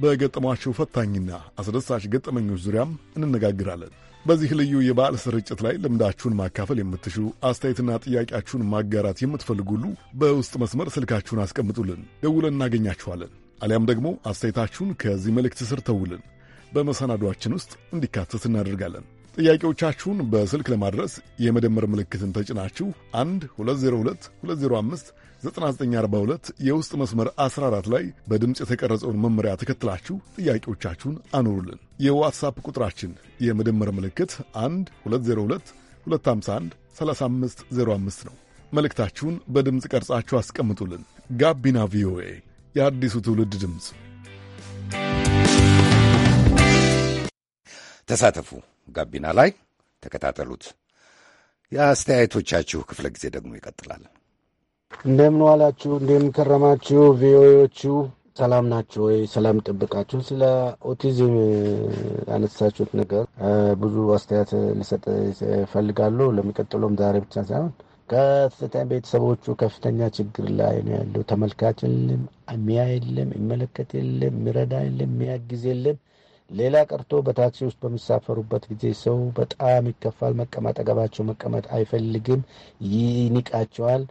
በገጠሟቸው ፈታኝና አስደሳች ገጠመኞች ዙሪያም እንነጋግራለን። በዚህ ልዩ የበዓል ስርጭት ላይ ልምዳችሁን ማካፈል የምትሹ አስተያየትና ጥያቄያችሁን ማጋራት የምትፈልጉ ሁሉ በውስጥ መስመር ስልካችሁን አስቀምጡልን፣ ደውለን እናገኛችኋለን። አሊያም ደግሞ አስተያየታችሁን ከዚህ መልእክት ስር ተውልን በመሰናዷችን ውስጥ እንዲካተት እናደርጋለን። ጥያቄዎቻችሁን በስልክ ለማድረስ የመደመር ምልክትን ተጭናችሁ 1 202 205 9942 የውስጥ መስመር 14 ላይ በድምፅ የተቀረጸውን መመሪያ ተከትላችሁ ጥያቄዎቻችሁን አኑሩልን። የዋትሳፕ ቁጥራችን የመደመር ምልክት 1 202 251 3505 ነው። መልእክታችሁን በድምፅ ቀርጻችሁ አስቀምጡልን። ጋቢና ቪኦኤ የአዲሱ ትውልድ ድምፅ። ተሳተፉ፣ ጋቢና ላይ ተከታተሉት። የአስተያየቶቻችሁ ክፍለ ጊዜ ደግሞ ይቀጥላል። እንደምን ዋላችሁ፣ እንደምን ከረማችሁ። ቪኦኤዎቹ ሰላም ናቸው ወይ? ሰላም ይጠብቃችሁ። ስለ ኦቲዝም ያነሳችሁት ነገር ብዙ አስተያየት ልሰጥ እፈልጋለሁ። ለሚቀጥለውም ዛሬ ብቻ ሳይሆን ከፍተኛ ቤተሰቦቹ ከፍተኛ ችግር ላይ ነው ያለው። ተመልካች የለም፣ ሚያ የለም፣ ይመለከት የለም፣ ሚረዳ የለም፣ ሚያግዝ የለም። ሌላ ቀርቶ በታክሲ ውስጥ በሚሳፈሩበት ጊዜ ሰው በጣም ይከፋል። መቀመጥ አጠገባቸው መቀመጥ አይፈልግም፣ ይንቃቸዋል።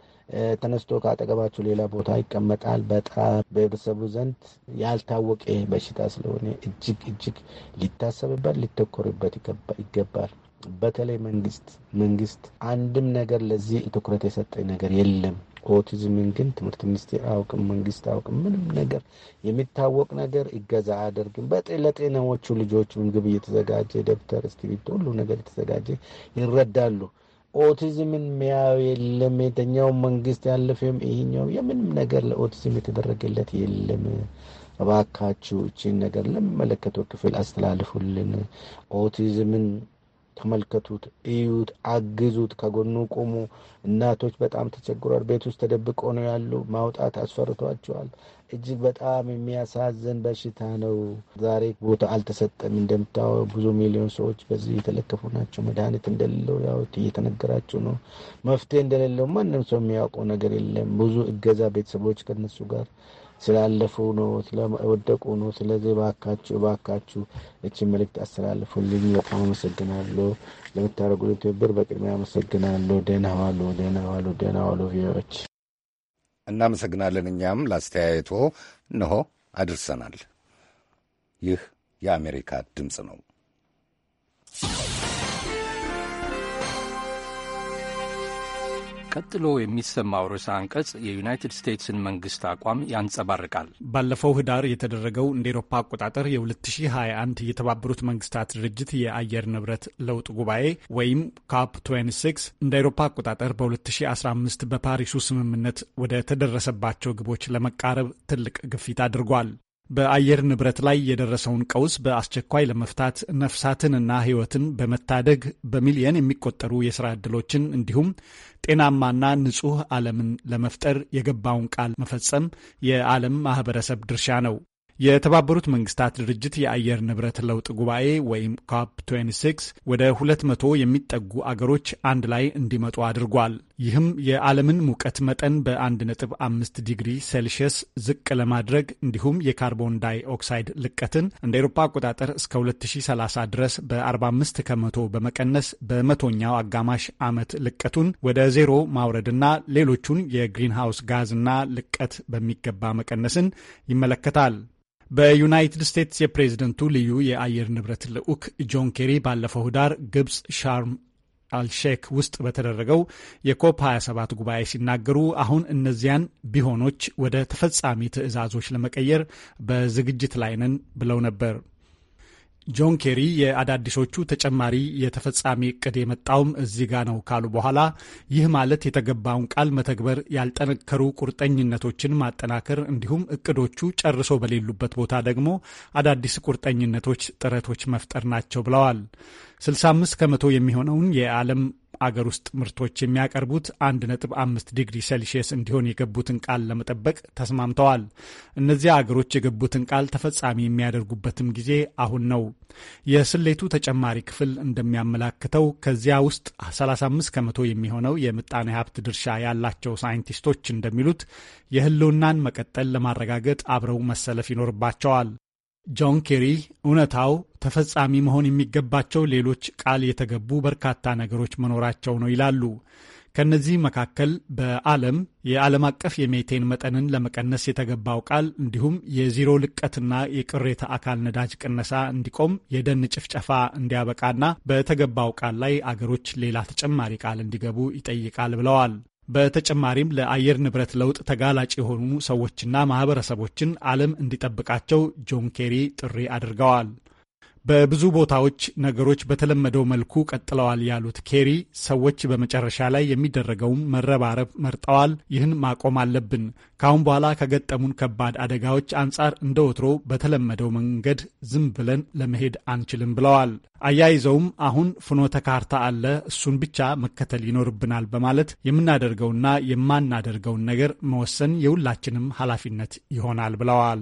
ተነስቶ ከአጠገባቸው ሌላ ቦታ ይቀመጣል። በጣም በህብረተሰቡ ዘንድ ያልታወቀ በሽታ ስለሆነ እጅግ እጅግ ሊታሰብበት ሊተኮርበት ይገባል። ውስጥ በተለይ መንግስት መንግስት አንድም ነገር ለዚህ ትኩረት የሰጠ ነገር የለም። ኦቲዝምን ግን ትምህርት ሚኒስቴር አያውቅም፣ መንግስት አያውቅም። ምንም ነገር የሚታወቅ ነገር ይገዛ አያደርግም። ለጤናዎቹ ልጆች ምግብ እየተዘጋጀ ደብተር፣ እስክሪብቶ፣ ሁሉ ነገር የተዘጋጀ ይረዳሉ። ኦቲዝምን ሚያው የለም። የተኛው መንግስት ያለፈም ይህኛው የምንም ነገር ለኦቲዝም የተደረገለት የለም። እባካችሁ እችን ነገር ለሚመለከተው ክፍል አስተላልፉልን ኦቲዝምን ተመልከቱት፣ እዩት፣ አግዙት፣ ከጎኑ ቁሙ። እናቶች በጣም ተቸግሯል። ቤት ውስጥ ተደብቀው ነው ያሉ። ማውጣት አስፈርቷቸዋል። እጅግ በጣም የሚያሳዝን በሽታ ነው። ዛሬ ቦታ አልተሰጠም። እንደምታ ብዙ ሚሊዮን ሰዎች በዚህ የተለከፉ ናቸው። መድኃኒት እንደሌለው ያው እየተነገራቸው ነው። መፍትሄ እንደሌለው ማንም ሰው የሚያውቀው ነገር የለም። ብዙ እገዛ ቤተሰቦች ከነሱ ጋር ስላለፉ ነው፣ ስለወደቁ ነው። ስለዚህ ባካችሁ ባካችሁ እችን መልእክት አስተላልፉልኝ። በጣም አመሰግናለሁ። ለምታደርጉ ትብብር በቅድሚያ አመሰግናለሁ። ደህና ዋሉ፣ ደህና ዋሉ፣ ደህና ዋሉ። ቪዎች እናመሰግናለን። እኛም ለአስተያየቶ እንሆ አድርሰናል። ይህ የአሜሪካ ድምፅ ነው። ቀጥሎ የሚሰማው ርዕሰ አንቀጽ የዩናይትድ ስቴትስን መንግስት አቋም ያንጸባርቃል። ባለፈው ህዳር የተደረገው እንደ ኤሮፓ አቆጣጠር የ2021 የተባበሩት መንግስታት ድርጅት የአየር ንብረት ለውጥ ጉባኤ ወይም ካፕ 26 እንደ ኤሮፓ አቆጣጠር በ2015 በፓሪሱ ስምምነት ወደ ተደረሰባቸው ግቦች ለመቃረብ ትልቅ ግፊት አድርጓል። በአየር ንብረት ላይ የደረሰውን ቀውስ በአስቸኳይ ለመፍታት ነፍሳትንና ሕይወትን በመታደግ በሚሊየን የሚቆጠሩ የስራ ዕድሎችን እንዲሁም ጤናማና ንጹህ ዓለምን ለመፍጠር የገባውን ቃል መፈጸም የዓለም ማህበረሰብ ድርሻ ነው። የተባበሩት መንግስታት ድርጅት የአየር ንብረት ለውጥ ጉባኤ ወይም ካፕ 26 ወደ 200 የሚጠጉ አገሮች አንድ ላይ እንዲመጡ አድርጓል። ይህም የዓለምን ሙቀት መጠን በ1.5 ዲግሪ ሴልሺየስ ዝቅ ለማድረግ እንዲሁም የካርቦን ዳይ ኦክሳይድ ልቀትን እንደ ኤሮፓ አቆጣጠር እስከ 2030 ድረስ በ45 ከመቶ በመቀነስ በመቶኛው አጋማሽ ዓመት ልቀቱን ወደ ዜሮ ማውረድና ሌሎቹን የግሪንሃውስ ጋዝና ልቀት በሚገባ መቀነስን ይመለከታል። በዩናይትድ ስቴትስ የፕሬዝደንቱ ልዩ የአየር ንብረት ልዑክ ጆን ኬሪ ባለፈው ህዳር ግብፅ ሻርም አልሼክ ውስጥ በተደረገው የኮፕ 27 ጉባኤ ሲናገሩ አሁን እነዚያን ቢሆኖች ወደ ተፈጻሚ ትዕዛዞች ለመቀየር በዝግጅት ላይ ነን ብለው ነበር። ጆን ኬሪ የአዳዲሶቹ ተጨማሪ የተፈጻሚ እቅድ የመጣውም እዚህ ጋ ነው ካሉ በኋላ ይህ ማለት የተገባውን ቃል መተግበር፣ ያልጠነከሩ ቁርጠኝነቶችን ማጠናከር እንዲሁም እቅዶቹ ጨርሶ በሌሉበት ቦታ ደግሞ አዳዲስ ቁርጠኝነቶች፣ ጥረቶች መፍጠር ናቸው ብለዋል። 65 ከመቶ የሚሆነውን የዓለም አገር ውስጥ ምርቶች የሚያቀርቡት 1.5 ዲግሪ ሴልሺየስ እንዲሆን የገቡትን ቃል ለመጠበቅ ተስማምተዋል። እነዚያ አገሮች የገቡትን ቃል ተፈጻሚ የሚያደርጉበትም ጊዜ አሁን ነው። የስሌቱ ተጨማሪ ክፍል እንደሚያመላክተው ከዚያ ውስጥ 35 ከመቶ የሚሆነው የምጣኔ ሀብት ድርሻ ያላቸው ሳይንቲስቶች እንደሚሉት የህልውናን መቀጠል ለማረጋገጥ አብረው መሰለፍ ይኖርባቸዋል። ጆን ኬሪ እውነታው ተፈጻሚ መሆን የሚገባቸው ሌሎች ቃል የተገቡ በርካታ ነገሮች መኖራቸው ነው ይላሉ። ከነዚህ መካከል በዓለም የዓለም አቀፍ የሜቴን መጠንን ለመቀነስ የተገባው ቃል እንዲሁም የዜሮ ልቀትና የቅሬታ አካል ነዳጅ ቅነሳ እንዲቆም፣ የደን ጭፍጨፋ እንዲያበቃና በተገባው ቃል ላይ አገሮች ሌላ ተጨማሪ ቃል እንዲገቡ ይጠይቃል ብለዋል። በተጨማሪም ለአየር ንብረት ለውጥ ተጋላጭ የሆኑ ሰዎችና ማህበረሰቦችን ዓለም እንዲጠብቃቸው ጆን ኬሪ ጥሪ አድርገዋል። በብዙ ቦታዎች ነገሮች በተለመደው መልኩ ቀጥለዋል ያሉት ኬሪ ሰዎች በመጨረሻ ላይ የሚደረገውን መረባረብ መርጠዋል። ይህን ማቆም አለብን። ከአሁን በኋላ ከገጠሙን ከባድ አደጋዎች አንጻር እንደ ወትሮ በተለመደው መንገድ ዝም ብለን ለመሄድ አንችልም ብለዋል። አያይዘውም አሁን ፍኖተ ካርታ አለ፣ እሱን ብቻ መከተል ይኖርብናል በማለት የምናደርገውና የማናደርገውን ነገር መወሰን የሁላችንም ኃላፊነት ይሆናል ብለዋል።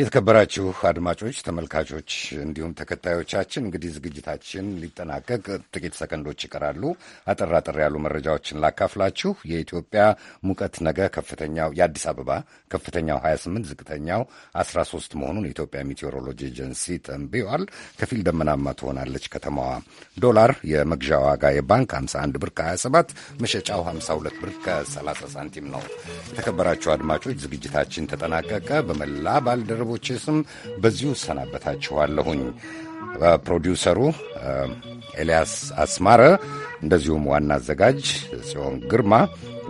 የተከበራችሁ አድማጮች፣ ተመልካቾች እንዲሁም ተከታዮቻችን እንግዲህ ዝግጅታችን ሊጠናቀቅ ጥቂት ሰከንዶች ይቀራሉ። አጠር አጠር ያሉ መረጃዎችን ላካፍላችሁ። የኢትዮጵያ ሙቀት ነገ ከፍተኛው የአዲስ አበባ ከፍተኛው 28 ዝቅተኛው 13 መሆኑን የኢትዮጵያ ሜቴዎሮሎጂ ኤጀንሲ ተንብዮአል። ከፊል ደመናማ ትሆናለች ከተማዋ። ዶላር የመግዣ ዋጋ የባንክ 51 ብር ከ27 መሸጫው 52 ብር ከ30 ሳንቲም ነው። የተከበራችሁ አድማጮች ዝግጅታችን ተጠናቀቀ። በመላ ባልደረቦ ባልደረቦቼ ስም በዚሁ እሰናበታችኋለሁኝ። ፕሮዲውሰሩ ኤልያስ አስማረ፣ እንደዚሁም ዋና አዘጋጅ ጽዮን ግርማ፣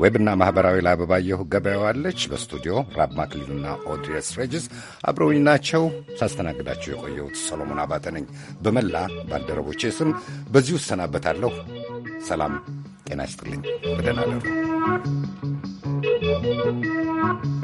ዌብና ማኅበራዊ ላይ አበባየሁ ገበያዋለች፣ በስቱዲዮ ራብ ማክሊሉና ኦድሬስ ሬጅስ አብረውኝ ናቸው። ሳስተናግዳቸው የቆየሁት ሰሎሞን አባተ ነኝ። በመላ ባልደረቦቼ ስም በዚሁ እሰናበታለሁ። ሰላም ጤና ይስጥልኝ። በደህና you.